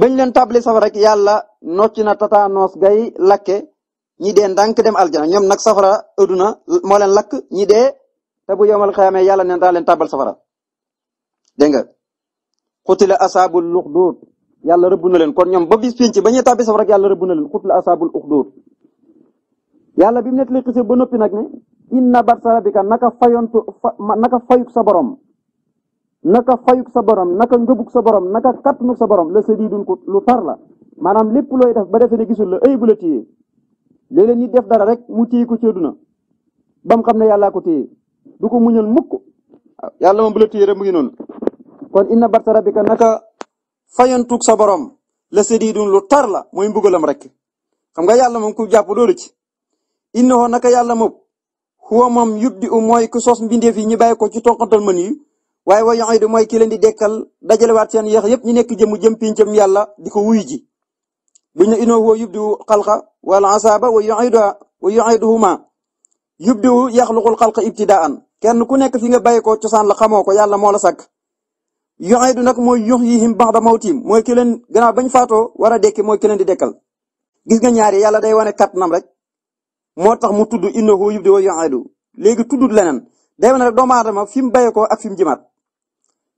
bañ leen tabli safara rek yàlla nocc na tatanoos gay lakke ñi dee ndànk dem aljana ñoom nag safara oduna moo leen lakk ñi dee te bu yomal xayaamee yàlla neen daa leen tàbbal safara dégg nga xutila asaabul uxduud yàlla rëbb na leen kon ñoom ba bis pinc ba ñuy tàbbi safara rek yàlla rëbb na leen xutila asaabul uxduud yàlla bi mu nekk li xise ba noppi nag ne inna bat sa rabika naka fayontu naka fayuk sa borom naka fayuk sa borom naka ngëbuk sa borom naka kàttanuk sa borom la sadiidun ko lu tar la maanaam lépp looy def ba defee ne gisul la ay bu la téye léeg-léeg def dara rek mu téye ko ci àdduna ba xam ne yàllaa ko téye du ko muñal mukk yàlla moom bu la téye rek mu ngi noonu kon inna barsa rabbika naka fayantuk sa borom la sadiidun lu tar la mooy mbugalam rek xam nga yàlla moom ku jàpp loolu ci innahu naka yàlla moom huwa moom yubdi u mooy ku sos mbindeef yi ñu bàyyi ko ci tonkantal mën yi waaye wa yu'iidu mooy ki leen di dekkal dajalewaat seen yeex yëpp ñu nekk jëmu jëm pincam yàlla di ko wuyu ji bu ñu inoo huwa yubdi'u wo wal asaaba wa yu'iiduha wa yu'iiduhuma yubdi'u yaxluqul xalqa ibtidaa'an kenn ku nekk fi nga bàyyi ko cosaan la xamoo ko yàlla moo la sàkk yu'iidu nag mooy yuhyihim ba'da mawtihim mooy ki leen gannaaw bañ faatoo war a dekki mooy ki leen di dekkal gis nga ñaari yàlla day wane kattanam rek moo tax mu tudd innahu yubdi'u wa yu'iidu léegi tuddut leneen day wane rek doomu aadama fi mu béyee ak fi mu jëmaat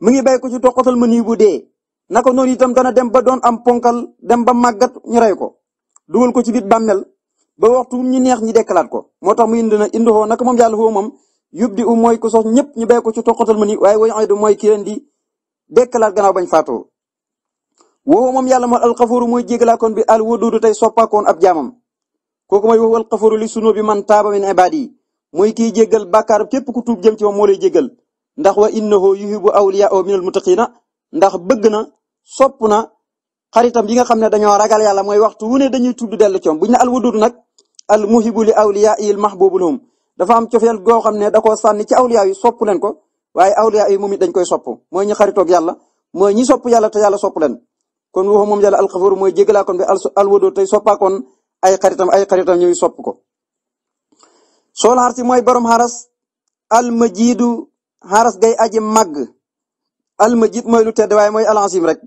mu ngi béy ko ci toqatal ma bu dee naka noon itam dana dem ba doon am ponkal dem ba màggat ñu rey ko dugal ko ci biir bàmmeel ba waxtu ñu neex ñi dekkalaat ko moo tax mu indi na indi xoo moom yàlla xoo moom yób di u mooy ko sox ñëpp ñu béy ko ci toqatal ma nii waaye wañu ay du mooy ki leen di dekkalaat gannaaw bañ faatoo woo moom yàlla mooy alxafooru mooy jégalaakoon bi al waduudu tey soppaakoon ab jaamam kooku mooy waxu alxafooru li sunu bi man taaba min ibaadi mooy kiy jéggal bàkkaaru képp ku tuub jëm ci moom moo lay jéggal ndax wa innahu yuhibbu awliyaa minal muttaqiina ndax bëgg na sopp na xaritam yi nga xam ne dañoo ragal yàlla mooy waxtu wu ne dañuy tudd dellu ci moom bu ñu ne alwaduud nag al muhibbu li awliyaa il mahbuubu lahum dafa am cofeel goo xam ne da koo sànni ci awliyaa yi sopp leen ko waaye awliyaa yi moom it dañ koy sopp mooy ñi xaritog yàlla mooy ñi sopp yàlla te yàlla sopp leen kon waxu moom yàlla alxafuur mooy jégalaakoon bi alwaduud tey soppaakoon ay xaritam ay xaritam ñuy sopp ko sool xarsi mooy borom xaras almajiidu xaras gay aji màgg almajid mooy lu tedd waaye mooy alancim rek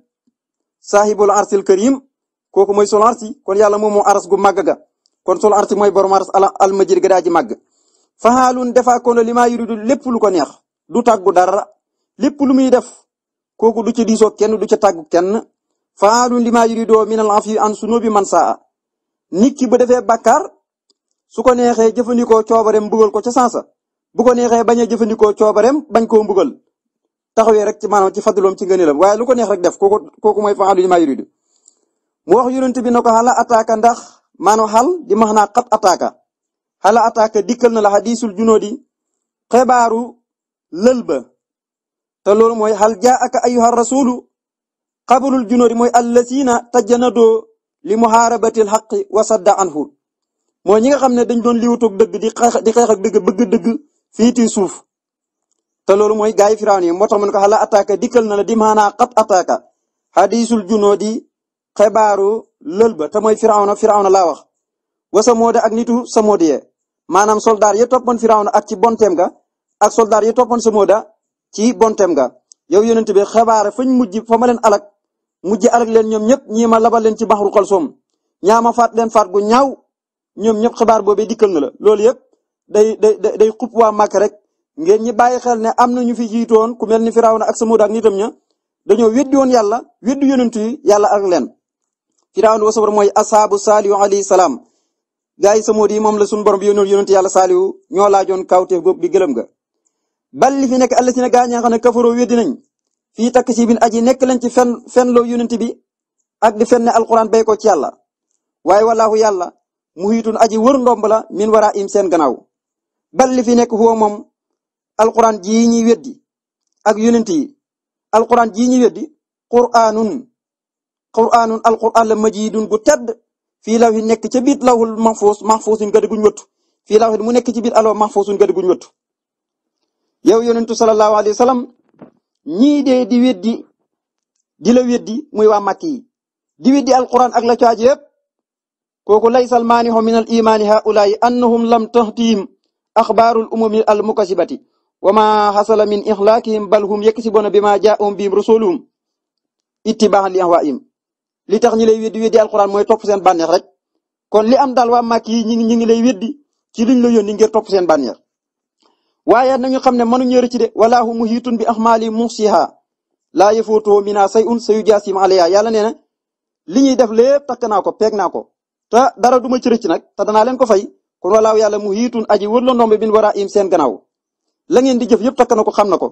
saahibul arsil karim kooku mooy sol arsi kon yàlla moom moo aras gu màgg ga kon sol arsi mooy borom aras almajid ga daa ji màgg fahaalun defaa koon li maa lépp lu ko neex du tàggu dara lépp lu muy def kooku du ca diisoo kenn du ca tàggu kenn fahaalun li maa yuridoo min al an sunubi man saa nit ki bu defee bàkkaar su ko neexee jëfandikoo coobareem mbugal ko ca sansa bu ko neexee bañ a jëfandikoo coobareem bañ koo mbugal taxawee rek ci maanaam ci fadloom ci ngëneelam waaye lu ko neex rek def kooku kooku mooy fa'aalu limaa yuriidu mu wax yonent bi ne ko xala ataaka ndax maanaam xal di max naa xat ataaka xala ataaka dikkal na la xadiisul junoodi xebaaru lël ba te loolu mooy xal jaa aka ayyuha rasulu xabarul junoodi mooy allasiina tajjanadoo li muhaarabatil xaqi wa sadda anhu mooy ñi nga xam ne dañ doon liwutoog dëgg di xeex di xeex ak dëgg bëgg dëgg fii ti suuf te loolu mooy gaay firaawn yi moo tax man ko xala attaaka dikkal na la di maanaa xat attaaka xadiisul junoo di xebaaru lël ba te mooy firawna firawna laa wax wa samoode ak nitu samoode yee maanaam soldaar ya toppoon firawna ak ci bonteem ga ak soldaar ya toppoon samooda ci bonteem ga yow yonent bi xebaare fañ mujj fa ma leen alak mujj alak leen ñoom ñëpp ñii ma leen ci baxru xalsoom ñaama faat leen ñoom ñëpp xibaar boobee dikkal na la loolu yëpp day day day xub waa rek ngeen ñi bàyyi xel ne am na ñu fi jiitoon ku mel ni Firawna ak Samuud ak nitam ña dañoo weddi woon yàlla weddi yonent yi yàlla ak leen. Firawna wa sabar mooy asaabu Saalihu alayhi salaam gaa yi Samuud yi moom la suñu borom bi yónnul yonent yàlla Saalihu ñoo laajoon kawteef googu di gëlëm nga. bal li fi nekk àll si ne gaa ñi nga xam ne kafaroo weddi nañ fii takk si bin aji nekk lañ ci fen fenloo yonent bi ak di fen alquran bay ci yàlla muhiitun aji wër ndomb la min wara im seen gannaaw bal li fi nekk huwa moom alquran jii ñuy weddi ak yonent yi alquran jii ñuy weddi quraanun quraanun alquran la majidun gu tedd fii law nekk ca biir lawul mahfuus mahfuusun gadi guñ wëttu fii law mu nekk ci biir aloo mahfuusun gadi guñ wëttu yow yonentu sallallahu alayhi wa sallam ñii dee di weddi di la weddi muy waa màkk yi di weddi alquran ak la caaj kooku laysal maanihu min al imaani na annahum lam tahtihim axbaarul umumi al mukasibati wa ma xasala min ixlaaqihim bal hum yaksibuna bima jaahum bihim rusuluhum ittibaaxan li ahwaihim li tax ñi lay weddi weddi alquran mooy topp seen bànneex rek kon li am daal wa màkk yi ñi ñi ngi lay weddi ci li la yónni ngir topp seen bànneex waaye nañu xam ne mënuñu rëcc de walaahu muhiitun bi ahmaali muhsiha laa yafuutuhu mina sayun sayujasim alayha yàlla nee na li ñuy def lépp takk naa ko peeg naa ko te dara du ma ci rëcc nag danaa leen ko fay kon walaaw yàlla mu hiitun aji wër la ndombe bin war a im seen gannaaw la ngeen di jëf yëpp takk na ko xam na ko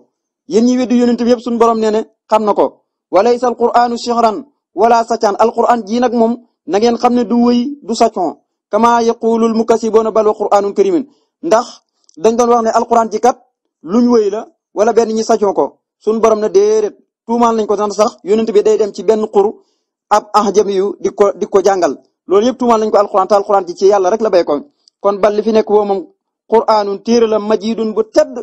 yéen ñi weddi yonent bi yëpp suñu borom nee ne xam na ko walaysa alquranu sihran wala sacaan alquran ji nag moom na ngeen xam ne du wëy du sacon kama yaqulul mukasiboona bal wa quranun karimin ndax dañ doon wax ne alquran ji kat luñ wëy la wala benn ñi sacon ko suñu borom ne déedéet tuumaal nañ ko sax yonent bi day dem ci benn xur ab ahjam yu di ko di ko jàngal loolu yëpp tuumaal nañ ko alxuraan te alxuraan ji ci yàlla rek la bay ko kon bal li fi nekk woo moom quraanun téere la majidun bu tedd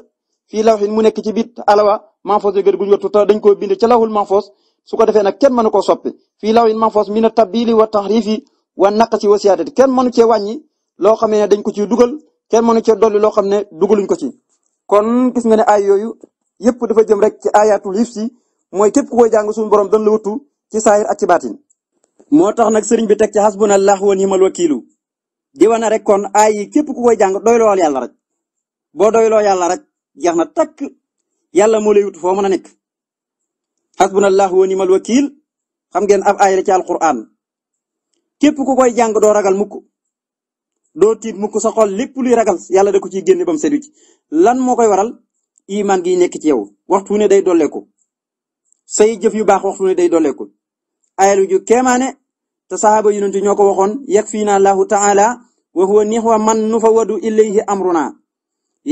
fii lawxin mu nekk ci biit alawa manfoos yu gër guñ wattu ta dañ koo bind ca lawxul manfoos su ko defee nag kenn mënu koo soppi fii lawxin manfoos min a tabdili wa taxrifi wa naqsi wa siyaadati kenn mënu cee wàññi loo xam ne dañ ko ciy dugal kenn mënu cee dolli loo xam ne dugaluñ ko ci kon gis nga ne ay yooyu yëpp dafa jëm rek ci ayatul hifsi mooy képp ku koy jàng suñu borom dañ la wattu ci saahir ak ci baatin moo tax nag sëriñ bi teg ci hasbunallahu wa ni'mal wakiilu di wane rek kon aay yi képp ku koy jàng doyloo yàlla rek boo doyloo yàlla rek jeex na takk yàlla moo lay wut foo mën a nekk. hasbunallahu wa ni'mal wakiil xam ngeen ab aay la ci alquran képp ku koy jàng doo ragal mukk doo tiit mukk sa xol lépp luy ragal yàlla da ko ciy génne ba mu ci lan moo koy waral iman gi nekk ci yow waxtu ne day dolleeku say jëf yu baax waxtu ne day dolleeku ayal ju kéemaane te saxaaba yu ñoo ko waxoon yag fii naa laahu taala wa huwa nixwa man nu fa wadu ilayhi amruna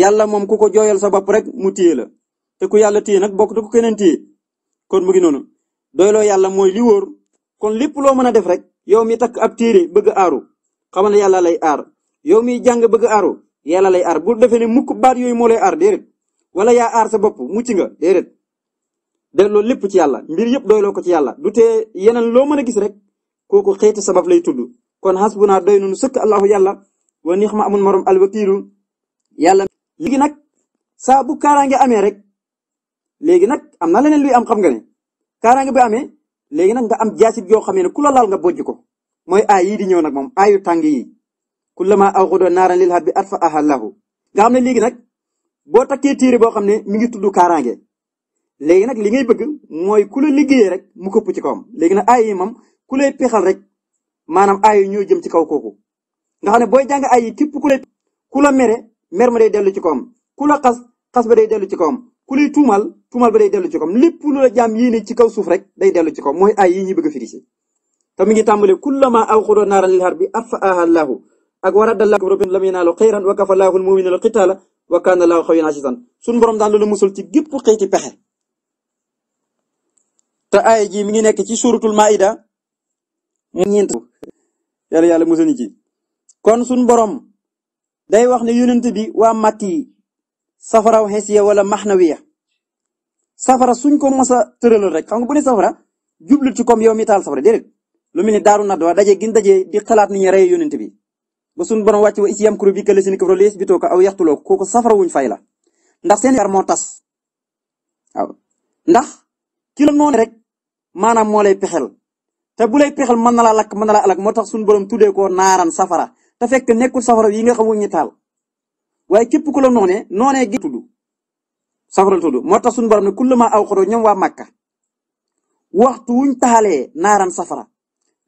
yàlla moom ku ko jooyal sa bopp rek mu téye la te ku yàlla téye nag bokk te ku keneen téye kon mu ngi noonu doyloo yàlla mooy li wóor kon lépp loo mën a def rek yow mi takk ab téere bëgg aaru xamal ne yàlla lay aar yow miy jàng bëgg aaru yàlla lay aar bu defee ne mukk baat yooyu moo lay ar déedéet wala yaa aar sa bopp mucc nga delloo lépp ci yàlla mbir yëpp doyloo ko ci yàlla du tee yeneen loo mën a gis rek kooku xeeti sabab lay tudd kon xasbunaa doy nañu sëkk allahu yàlla wa nix ma amul morom alwakiilu yàlla léegi nag saa bu kaaraange amee rek léegi nag am na leneen luy am xam nga ne kaaraange bi amee léegi nag nga am jaasit yoo xamee ne kula la laal nga bojj ko mooy aay yii di ñëw nag moom aayu tàng yi kullama awxudo naaran lil xat bi at fa aha lahu nga xam ne léegi nag boo takkee téere boo xam ne mi ngi tudd kaaraange léegi nag li ngay bëgg mooy ku la liggéeyee rek mu këpp ci kawam léegi nag ay mam moom ku lay pexal rek maanaam ay ñoo jëm ci kaw kooku nga xam ne booy jàng ay yi képp ku lay la mere mer ma day dellu ci kawam ku la xas xas ba day dellu ci kawam ku lay tuumal tuumal ba day dellu ci kawam lépp lu la jaam yéene ci kaw suuf rek day dellu ci kawam mooy ay yi ñuy bëgg a firi te mi ngi tàmbale kullama awqudoo naaran lil harbi atfa'aha allahu ak waradallahu rabbin lam yanaalu xayran wa kafa allahu al mu'minina al qitaala wa kaana allahu xawiyyan la musul ci gépp pexe te aaya ji mi ngi nekke ci suuratul maida ñeent yàlla yàlla musal ci kon suñ borom day wax ne yonent bi waa matt yi safaraw xesiya wala maxnawiya safara suñ ko mos a tëralal rek xam nga bu ne safara jublu ci comme yow mi taal safara déedéet lu mel ni daaru nadwa daje gin daje di xalaat ni ñu rey yonent bi ba suñ borom wàcc wa is yamkuru bika llaziina kafaru liyusbituuka aw yaqtuluuka kooku safara wuñ fay la ndax seen yar moo tas ndax ki la noonu rek maanaam moo lay pexel te bu lay pexel mën na laa lakk mën na laa alak moo tax suñu borom tuddee ko naaran safara te fekk nekkul safara yi nga xamul ñu taal waaye képp ku la noonee noonee gi tudd safara tudd moo tax suñu borom ne kullama aw xodo ñoom waa Màkka waxtu wuñ taxalee naaran safara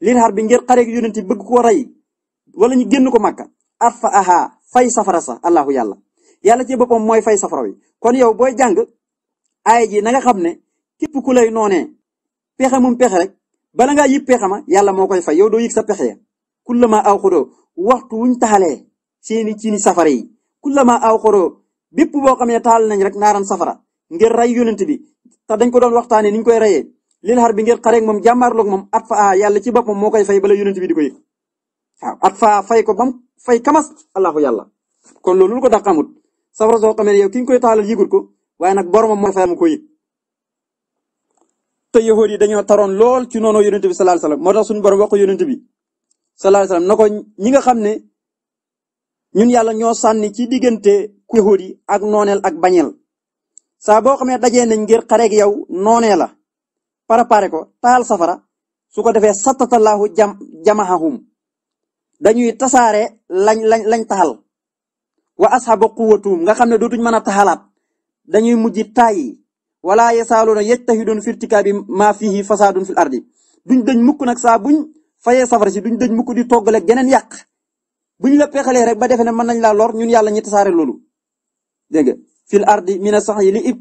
liir bi ngir xareeg yonent yi bëgg koo rey wala ñu génn ko Màkka at fa aha fay safara sa allahu yàlla yàlla ci boppam mooy fay safara wi kon yow booy jàng aaya ji xam ne képp ku lay noone pexe mum pexe rek bala nga yëg pexe ma yàlla moo koy fay yow doo yëg sa pexe ya kullama aw xodoo waxtu wuñ taxalee seeni ciini safara yi kullama aw xodoo bépp boo xamee ne taal nañ rek naaran safara ngir rey yonent bi te dañ ko doon waxtaanee ni ñu koy reye lil xar bi ngir xareeg moom jàmmaarloog moom at fa yàlla ci boppam moo koy fay bala yonent bi di ko yëg at fa fay ko bam fay kamas allahu yàlla kon loolu lu ko dax amut safara soo xamee yow ki ñu koy taalal yëgul ko waaye nag boromam moo fay mu te yahood yi dañoo taroon lool ci noonu yonent bi sallallahu alayhi wasallam moo tax suñu borom wax ko yonent bi sallallahu na ko ñi nga xam ne ñun yàlla ñoo sànni ci diggante ku yahood yi ak nooneel ak bañeel saa boo xamee dajee nañ ngir xareeg yow noonee la préparé ko taal safara su ko defee sattatallaahu jam jamahahum dañuy tasaare lañ lañ lañ taxal wa asxaaba quwatuhum nga xam ne dootuñ mën a taxalaat dañuy mujj tàyyi wala yasaaluuna yajtahiduun fi irtikaabi maa fiihi fasaadun fil ardi duñ dëñ mukk nag saa buñ fayee safara si duñ deñ mukk di toggale geneen yàq buñ la pexalee rek ba defee na mën nañ laa lor ñun yàlla ñi tasaare loolu dégg nga fil ardi mina sax yi li ib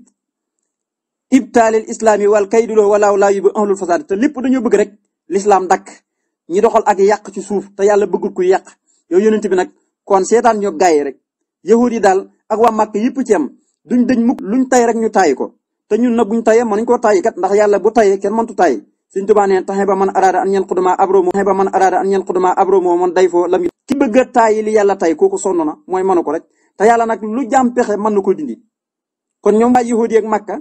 ibtaalil islaami wal kayduloo walaaw laa yubu ahlul fasaad te lépp dañoo bëgg rek lislaam dakk ñi doxal ak yàq ci suuf te yàlla bëggul kuy yàq yow yonent bi nag kon seetaan ñoo gaay rek yahud yi daal ak waa màkk yëpp ci duñ dëñ mukk luñ tay rek ñu tay ko te ñun na buñ tayee mënuñ koo tayyi kat ndax yàlla bu tayee kenn mëntu tayyi suñ tubaa ne taxe ba man araada an yan xuduma abro moo taxe ba man araada an yan xuduma abro moo man day foo lam ki bëgg a li yàlla tay kooku sonn na mooy mënu ko rek te yàlla nag lu jàmm pexe mën na ko dindi kon ñoom waa yahudi ak makka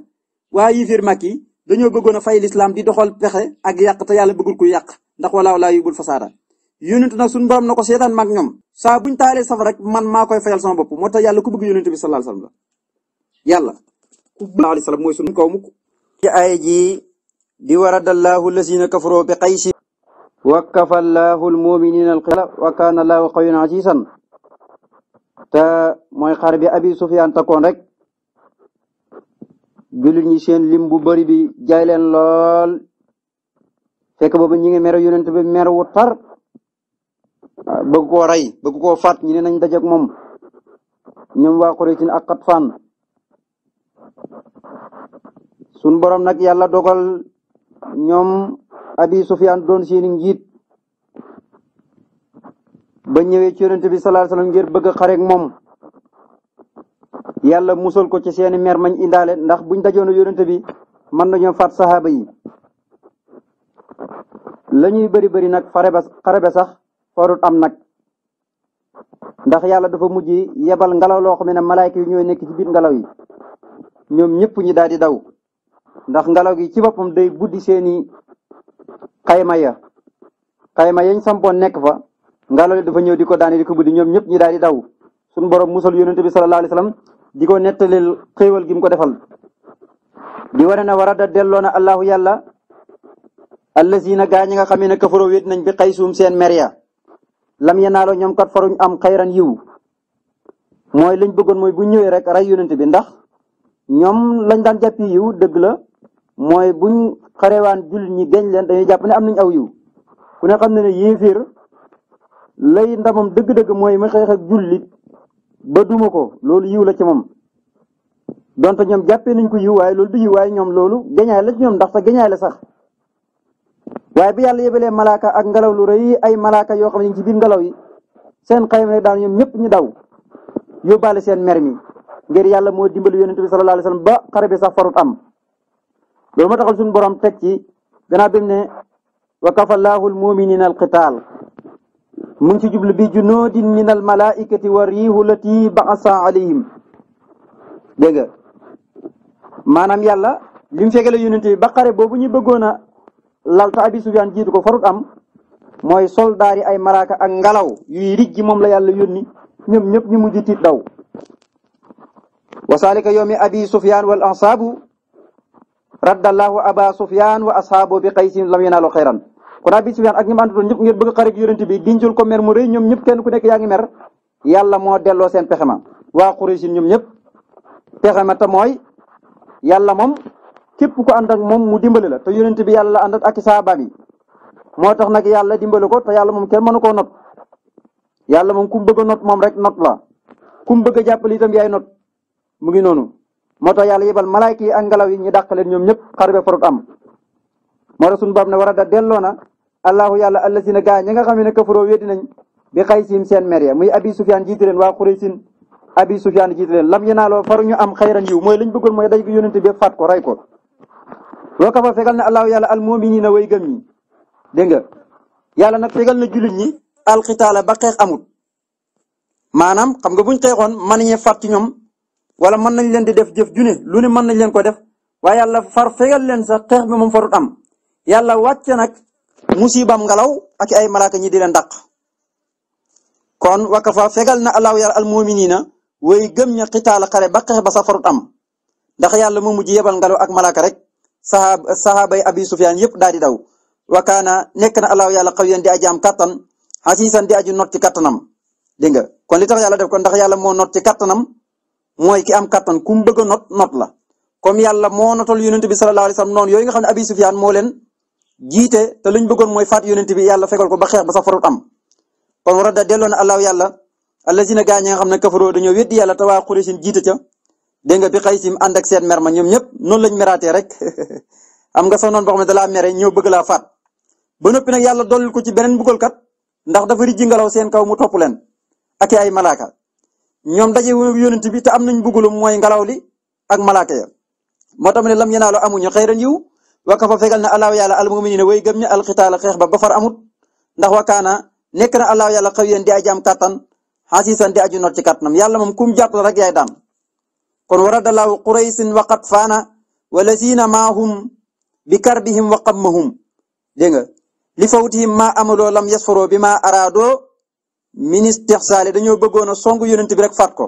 waa yifir makk yi dañoo bëggoon a fay lislaam di doxal pexe ak yàq te yàlla bëggul ku yàq ndax walaaw laa yubul fasaada yónent nag suñu borom na ko seetaan mag ñoom saa buñ taalee safara rek man maa koy fayal sama bopp moo tax yàlla ku bëgg bi sallallahu alayhi wasallam la yàlla alayhi mooy sunu kaw mukk ci ay di wara dallaahu lazina bi qaysi wa kafa llaahu lmuminina alqitaala wa kaana llaahu qawiyyan mooy xar bi abi sufyaan takkoon rek jullit ñi seen lim bu bëri bi jaay leen lool fekk boobu ñi ngi mere yonent bi mer wu tar bëgg koo rey bëgg koo faat ñi ne nañ dajeek moom ñoom waa Quraysh ak Xatfaan sun borom nag yàlla dogal ñoom abi sufyaan doon seeni njiit ba ñëwee ci yonent bi sallallahu alayhi wasallam ngir bëgg a moom yàlla musal ko ci seeni mer mañ indaale ndax buñ dajoona yonent bi mën nañoo faat saxaaba yi lañuy bari bari nag fareba xarebe sax farut am nag ndax yàlla dafa mujj yebal ngelaw loo xam ne malaayka yi ñooy nekk ci biir ngelaw yi ñoom ñëpp ñi daal di daw ndax ngelaw gi ci boppam day buddi seeni xayma ya xayma yañ sampoon nekk fa ngelaw li dafa ñëw di ko daane di ko buddi ñoom ñëpp ñi daal di daw suñu borom musal yonente bi sallallahu alayhi wasallam di ko nettalil xéewal gi mu ko defal di wane na warada delloona allahu yàlla allazina gaa ñi nga xamee ne kafaroo wéet nañ bi xay suum seen meria lam yenaaloo ñoom kat faruñ am xayran yiw mooy liñ bëggoon mooy bu ñëwee rek rey yonente bi ndax ñoom lañ daan jàppi yiw dëgg la mooy buñ xarewaan jullit ñi gañ leen dañuy jàpp ne am nañ aw yiw ku ne xam ne ne yéeféer lay ndamam dëgg-dëgg mooy ma xeex ak jullit ba duma ko loolu yiw la ci moom donte ñoom jàppee nañ ko yiw waaye loolu du yiw waaye ñoom loolu gañaay la ci ñoom ndax sax gañaay la sax waaye bi yàlla yebalee malaaka ak ngelaw lu rëy ay malaaka yoo xam ne ci biir ngelaw yi seen xayma rek daal ñoom ñëpp ñu daw yóbbaale seen meer mi ngir yàlla moo dimbali yonent bi sallallahu alayhi wasallam ba xare sax farut am loolu moo taxal suñu borom teg ci gannaaw bi mu ne wa kafallaahu almuminina alqitaal mu ngi ci jublu bi junoodin min almalaikati wa riihu lati baasa alayhim dégg nga maanaam yàlla li mu fegale yonent bi ba xare boobu ñu bëggoon a lal ta abi sufyaan jiitu ko farut am mooy soldaar ay maraaka ak ngalaw yuy riggi moom la yàlla yónni ñoom ñëpp ñu mujj tiit daw wa saalika yawmi abi sufyaan wal ansaabu raddallahu aba sufyan wa ashaabu bi qaysin lam yanaalu xayran kon abi sufyan ak ñi mu àndatoon ñëpp ngir bëgg ko mer mu rëy ñoom ñëpp kenn ku nekk yaa ngi mer yàlla moo delloo seen pexe ma waa Quraysh ñoom ñëpp pexe ma te mooy yàlla moom képp ku ànd ak moom mu dimbali la te yonent bi yàlla ànd ak saabaam yi moo tax nag yàlla dimbali ko te yàlla moom kenn mënu koo not yàlla moom ku mu bëgg not moom rek not la ku mu bëgg a jàppale yaay not mu ngi noonu moo tax yàlla yebal malaayka yi ak ngelaw yi ñu dàq leen ñoom ñëpp xar ba farut am moo tax suñu borom ne war a da delloo na allahu yàlla allasina gaa ñi nga xam ne na weddi nañ bi xay siim seen mer ya muy abi sufyaan jiite leen waa xuraysin abi sufyaan jiite leen faru am xayran yiw mooy lañ bëggoon mooy day bi yónente bi faat ko ray ko loo ko fa fegal ne allahu yàlla almuminina way gëm ñi dégg nga yàlla fegal na jullit ñi alxitaala ba xeex amut maanaam xam nga buñ xeexoon man ñee wala mën nañ leen di def jëf ju ne lu ne mën nañ leen ko def waaye yàlla far fegal leen sax xeex bi moom farut am yàlla wàcce nag musibam ngalaw ak ay malaaka ñi di leen dàq kon wakafa fegal na allahu yàlla almuminina way gëm ña xitaala xare ba xeex ba sax farut am ndax yàlla moo mujj yebal ngalaw ak malaaka rek saxaab saxaabay abi sufyaan yëpp daal di daw wakaana nekk na allahu yàlla xawiyaan di ajaam kattan xasiisan di aju not ci kattanam dégg nga kon li tax yàlla def ko ndax yàlla moo not ci kattanam mooy ki am kattan ku mu bëgg a not not la comme yàlla moo notal yonent bi sallallahu alayhi wasallam noon yooy nga xam ne abi sufyaan moo leen jiite te luñ bëggoon mooy faat yonent bi yàlla fegal ko ba xeex ba sa farut am kon war a da delloo na allahu yàlla allazina gaa ñi nga xam ne kafaroo dañoo weddi yàlla te waa Quraysh jiite ca dégg nga bi xay sim ànd ak seen mer ma ñoom ñëpp noonu lañ meraatee rek [laughs] am nga sa noonu boo xam ne dalaa mere ñëw bëgg laa faat ba noppi nag yàlla dollil ko ci beneen mbugalkat ndax dafa rijji ngelaw seen kaw mu topp leen ak ay malaaka ñoom daje wu yonent bi te am nañ bugulum mooy ngelaw li ak malaaka ya moo tax mu ne lam yanaalu amuñu xayran yiw waka fa fegal na alaaw yàlla almuminina way gëm ña alxitaala xeex ba ba far amut ndax wakaana nekk na alaaw yàlla xaw yéen di ay jaam kàttan xasiisan di aju not ci kàttanam yàlla moom kum jàpp la rek yaay daan kon wara dalaaw quraysin waqat faana wala siina maahum bi karbihim wa qammahum dégg nga li fawtihim maa amaloo lam yasfaroo bi maa araadoo ministère saali dañoo bëggoon a song yonent bi rek faat ko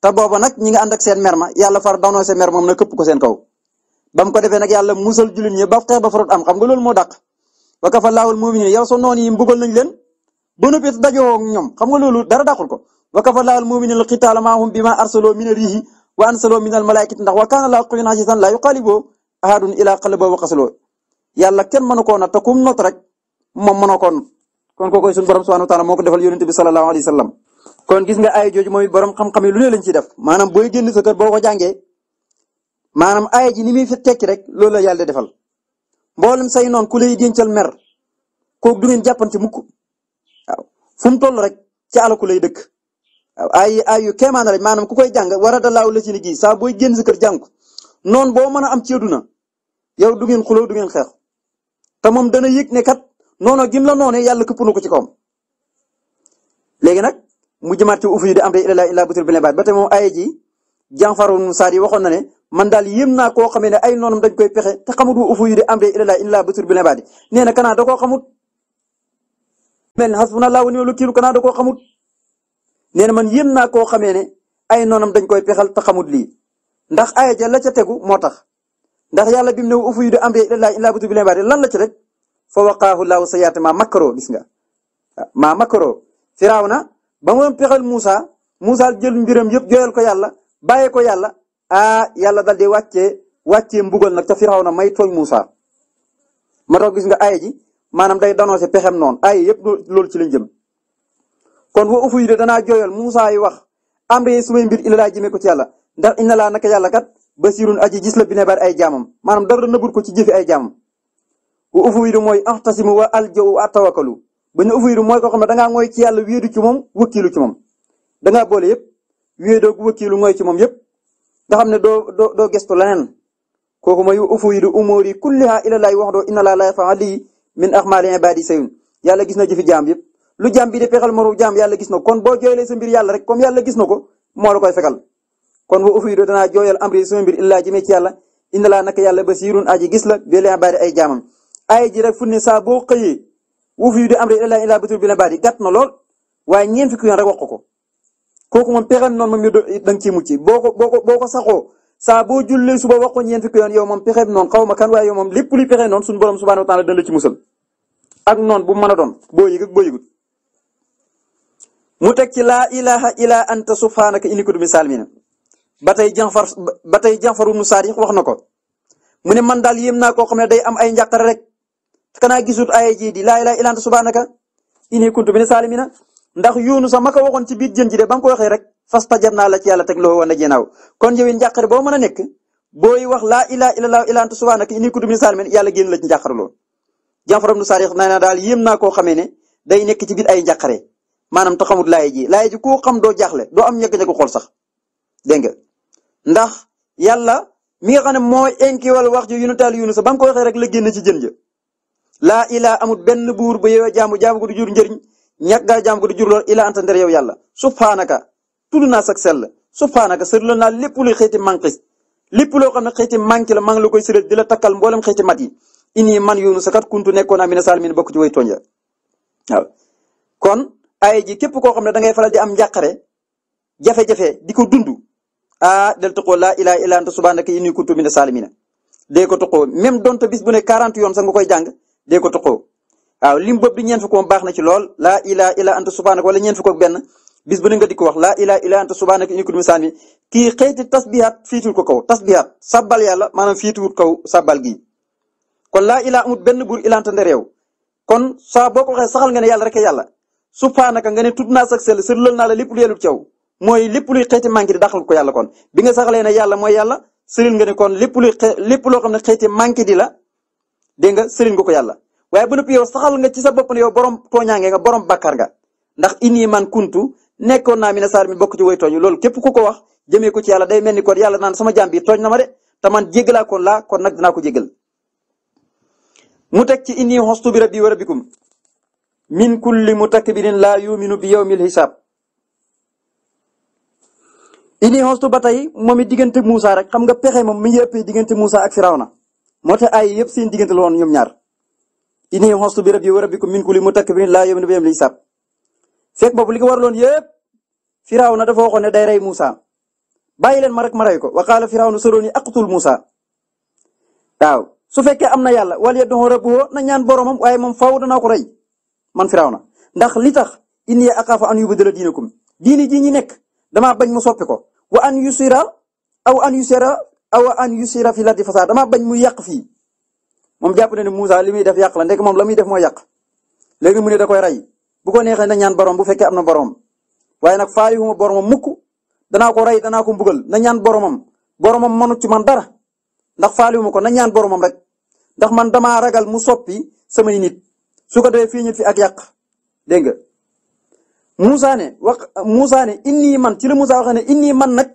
te booba nag ñi nga ànd ak seen mer ma yàlla far dawnoo seen mer moom na këpp ko seen kaw ba ko defee nag yàlla musal jullit ñi ba xeex ba am xam nga loolu moo dàq wa kafa laahul mu'miniina yow sa noon yi mbugal nañ leen ba noppi dajoo ñoom xam nga loolu dara dàqul ko wa kafa laahul mu'miniina al-qitaala ma'ahum bimaa arsaluu mina riihi wa anzaluu mina al-malaa'ikati ndax wa kaana Allaahu qawiyyan 'aziizan laa yuqaallibuu ahadun ilaa qalbahu wa qasaloo koo kon kookoy suñu borom subhanahu wa taala moo ko defal yonente bi sallallahu alayhi wa sallam kon gis nga aaya jooju moom it borom xam-xam yi lu ne lañ ciy def maanaam booy génn sa boo ko jàngee maanaam aaya ji ni muy fi tekki rek loolu la yàlla defal mboolem say noon ku lay dencal mer kook du ngeen jàppante mukk waaw fu mu toll rek ci ku lay dëkk ay ay yu kéemaan rek maanaam ku koy jàng wara da dalaaw la ci ni gi saa booy génn sa kër jàng noonu boo mën a am ci yow du ngeen xuloo du ngeen xeex noonu gim la noonee yàlla këpp na ko ci kawam léegi nag mu jëmaat ci uf yi di am te ilaa ilaa butul bi baat ba tey moom ay ji jànfaru saadi waxoon na ne man daal yéem naa koo xamee ne ay nonam dañ koy pexe te xamut wu uf yi di am te ilaa ilaa butul bi baat na kanaa da koo xamut. mel ne hasbunallaahu wa ni'mal wakiil kanaa da koo xamut nee man yéem naa koo xamee ne ay noonam dañ koy pexal te xamut lii ndax ay ja la ca tegu moo tax ndax yàlla bim ne uf yi di am te lan la ci rek. fa waqaahu laahu sayaati maa makaroo gis nga maa makaroo firawna ba mu pexeel Moussa Moussa jël mbiram yëpp jooyal ko yàlla bàyyee ko yàlla a ah, yàlla dal de wàccee wàccee mbugal nag ca na may tooñ Moussa ma tax gis nga aaya ji maanaam day danoose pexem noonu aaya yëpp loolu ci lañ jëm kon wa ufu yi de danaa jooyal Moussa yi wax am ree sumay mbir ila laa jëmee ko ci yàlla ndax inna laa naka yàlla kat basirun aji gis la bi ne ay jaamam maanaam dara nëbbut ko ci jëfi ay jaamam wa ufuwiru mooy axtasimu wa aljaw wa tawakkalu ba ñu ufuwiru mooy koo xam ne dangaa ngooy ci yàlla wéedu ci moom wëkkiilu ci moom dangaa boole yëpp wéedoo gu wëkkiilu ci moom yëpp nga xam ne doo doo doo gestu leneen kooku mooy ufuwiru umóori kulliha ilallaahi waxdoo inna laa laa yafalu lii min axmaali ibaadi sayun yàlla gis na jëfi jaam yëpp lu jaam bi de pexal moru jaam yàlla gis na ko kon boo jooyalee sa mbir yàlla rek comme yàlla gis na ko moo la koy fekkal kon wa ufuwiru danaa jooyal amri sama mbir illaa jëmee ci yàlla inna laa naka yàlla basiirun aji gis la bi ibaadi ay ay ji rek fu ne saa boo wuuf yu di am rek illaa illaa bitul bi la baat yi gàtt na lool waaye ñeent fukki yoon rek wax ko ko kooku moom pexem noon moom it da nga ciy mucc boo ko boo ko boo ko saxoo saa boo jullee suba wax ko ñeent fukki yoon yow moom pexem noonu xaw ma kan waaye yow moom lépp luy pexe noonu suñu borom subhaanahu wa taala dana la musal ak noon bu mën a doon boo yëg ak mu teg ci laa ilaha illa anta subhanaka inni kuntu minaz zaalimiin ba tey Jaafar ba tey Jaafar ibnu Saadiq wax na ko mu ne man daal yéem naa koo xam ne day am ay njàqare rek xanaa gisut aaya di laa ilaaha illaa anta subhaanaka inni kuntu mina saalimiina ndax Yunus ma ko waxoon ci biir jën ji de ba ko waxee rek fastajabnaa la ci yàlla teg loo wane ginnaaw kon yow it njàqare boo mën a nekk booy wax laa ilaaha illaa anta subhaanaka inni kuntu mina saalimiina yàlla génn la ci njàqare lool. Jaafar ibnu Saadiq nee na daal yéem naa koo xamee ne day nekk ci biir ay njàqare maanaam te xamut laay ji laay koo xam doo jaaxle doo am ñàkk-ñàkk xool sax dégg nga ndax yàlla mi nga xam ne moo inkiwal wax ji yu nu taal ko waxee rek la génn ci jën ja laa ilaa amul benn buur ba yow jaamu jaamu ko du jur njëriñ ñàkk gaa jaamu ko du jur lool ilaa anta ndere yow yàlla subhaanaka tudd naa sag sell subhaanaka sëriñ naa lépp luy xeeti manqis lépp loo xam ne xeeti manqué la maa ngi la koy sëriñ di la takkal mboolem xeeti mat yi ini man yoonu sakat kuntu nekkoon amina salmin bokk ci way tooñ waaw kon ay ji képp koo xam ne da ngay faral di am njàqare jafe-jafe di ko dund ah del taqoo laa ilaa ilaa anta subhaanaka inni kuntu mina salimina dee ko taqoo même donte bis bu ne 40 yoon sax nga koy jàng dee ko toqoo waaw lim bëpp di ñeent fukk moom baax na ci lool laa ilaa ilaa anta subhaanaka wala ñeent fukk kook benn bis bu di ko wax laa ilaa ilaa anta subhaanaka inni kuntu mina zaalimiin kii xeeti tasbihaat fiituwul ko kaw tasbihaat sabbal yàlla maanaam fiituwul kaw sabbal gi kon laa ilaa amut benn buur ilaa anta ndereew kon saa boo ko waxee saxal nga ne yàlla rek yàlla subhaanaka nga ne tudd naa sax sell sërlal naa la lépp lu yellu ci yow mooy lépp luy xeeti manqué di daxal ko yàlla kon bi nga saxalee ne yàlla mooy yàlla nga ne kon lépp luy lépp loo xam ne xeeti manqué di la dégg nga sëriñ nga ko yàlla waaye ba noppi yow saxal nga ci sa bopp ne yow borom tooñaange nga borom bàkkaar nga ndax inni man kuntu nekkoon naa mi ne saar mi bokk ci way tooñ loolu képp ku ko wax jëmee ko ci yàlla day mel ni kon yàlla naan sama jaam bi na ma de te man jéggalaa kon laa kon nag dinaa ko jéggal mu teg ci inni xostu bi rabbi wa rabbikum min kulli mutakbirin laa yuminu bi yawmil hisaab inni xostu ba tey moom it diggante Moussa rek xam nga pexe moom mi ngi ëppee diggante Moussa ak Firawna moo tax ay yëpp seen diggante la woon ñoom ñaar inni xostu bi rabbi wa rabbikum min kulli mutakabbirin laa yu'minu bi yawmil hisaab fekk boobu li ko waraloon na Firawna a waxoon ne day rey Moussa bàyyi leen ma rek ma rey ko wa qaala Firawna suruni aqtul Moussa waaw su fekkee am na yàlla wal yad'u rabbahu na ñaan boromam waaye moom faaw danaa ko rey man na ndax li tax inni axaafu an yubdila diinakum diini ji ñi nekk damaa bañ mu soppi ko awa an yusira fi lati fasaa dama bañ mu yàq fii moom jàpp na ne Moussa li muy def yàq la ndek moom la def moo yàq léegi mu ne da koy rey bu ko neexee na ñaan borom bu fekkee am na borom waaye nag faali huma boromam mukk danaa ko rey danaa ko mbugal na ñaan boromam boromam mënu ci man dara ndax faali huma ko na ñaan boromam rek ndax man damaa ragal mu soppi sama nit su ko defee fii ñu fi ak yàq dégg nga Moussa ne wax Moussa ne inni man ci la Moussa waxee ne inni man nag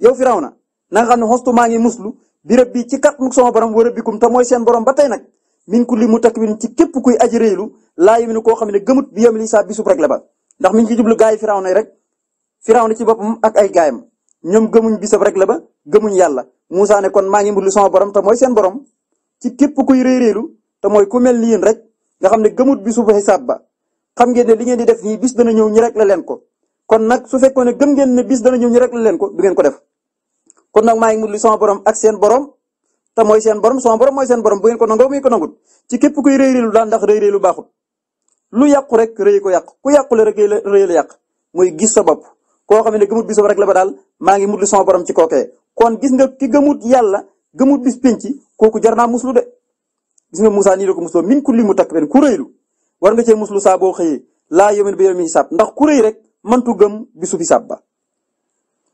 yow Firawna na nga xam ne xostu maa ngi muslu bi rëb bi ci kàttanu sama borom wa rabbikum te mooy seen borom ba tey nag min kulli mutakabbirin ci képp kuy aji réylu laa yuminu koo xam ne gëmut bi yam saa bisub rek la ba ndax mi ngi ci jublu gaay firaw rek firaw na ci boppam ak ay gaayam ñoom gëmuñ bisab rek la ba gëmuñ yàlla Moussa ne kon maa ngi muslu sama borom te mooy seen borom ci képp kuy réy réylu te mooy ku mel ni rek nga xam ne gëmut bisub xisaab ba xam ngeen li ngeen di def nii bis dana ñëw ñi rek la leen ko kon nag su fekkoon ne gëm ngeen ne bis dana ñëw ñi rek la leen ko du ngeen ko def kon nag maa ngi mutlu sama borom ak seen borom te mooy seen borom sama borom moy seen borom bu ngeen ko nangoo bu ngeen ko nangut ci képp kuy rëy rëylu daal ndax rëy rëylu baaxut lu yàqu rek rëy ko yàq ku yàqule rek rëy la yàq mooy gis sa bopp koo xam ne gëmut bisam rek la ba daal maa ngi mutlu sama borom ci kookee kon gis nga ki gëmut yàlla gëmut bis penc kooku jar naa muslu de gis nga Moussa nii la ko musloo min ku li mu takk benn ku rëylu war nga cee muslu saa boo laa yomin bi yomin xisaab ndax ku rëy rek mëntu gëm bisu xisaab ba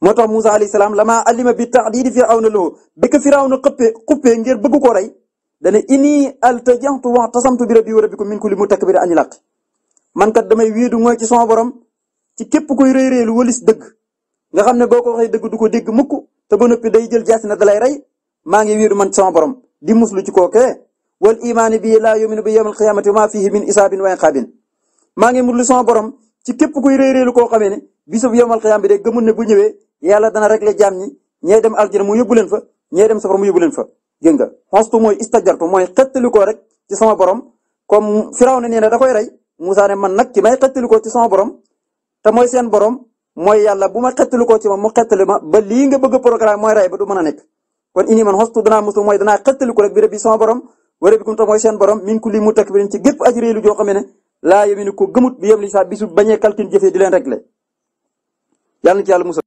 moo tax Moussa alayhi salaam lama alima bi tahdidi firawna lahu bi ko firawna xuppe xuppee ngir bëgg ko rey dana inni altajantu wa tasamtu bi rabbi wa rabbikum min kulli mutakabbirin an laq man kat damay wéedu mooy ci sama borom ci képp kuy rëy rëy lu wëlis nga xam ne boo ko waxee dëgg du ko dégg mukk te ba noppi day jël jaasi na dalay rey maa ngi wéedu man ci borom di muslu ci kookee wal imaani bi laa yuminu bi yawmil qiyaamati wa maa fiihi min isaabin wa maa ngi muslu sama borom ci képp kuy rëy rëy koo xamee ne bisub yawmal qiyaam bi de gëmul ne bu ñëwee yàlla dana régler jaam ñi ñee dem aljana mu yóbbu leen fa ñee dem safara mu yóbbu leen fa gën nga xonstu mooy istajartu mooy xettalikoo rek ci sama borom comme firaw ne nee na da koy rey Moussa ne man nag ki may xettalikoo ci sama borom te mooy seen borom mooy yàlla bu ma xettalikoo ci ma mu xettali ma ba lii nga bëgg programme mooy rey ba du mën a nekk kon ini man xonstu danaa mosu mooy danaa xettaliko rek bi rek bi sama borom wara bi kum te mooy seen borom min